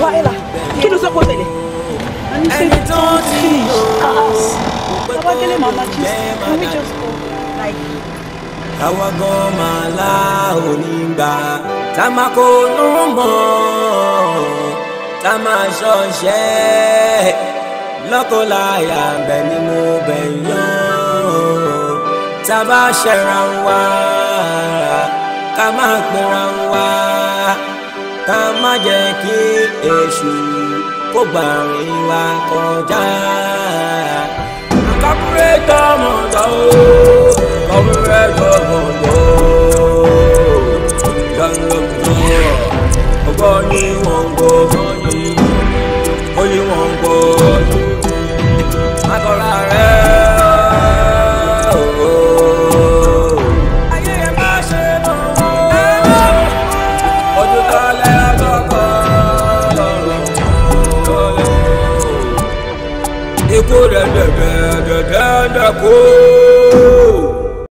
wàhálà kí ló sọ pé tẹ̀lé. ẹni tó ti yọ ah, ah, ah. Babájídé let me just go like. la onígbà tá ni mo bẹ̀ yàn tá a bá ṣẹ̀ra wa ká má jẹ́ kí èṣù kó gbà rìn wá kọjá. kábúrétọ̀ mọ̀tọ́ o kábúrétọ̀ mọ̀tọ́ o ìdánilọ́gbọ̀n ọgbọ́n ní wọ́n gbọ́ ó ní wọ́n gbọ́ akọ́ra rẹ̀. da da da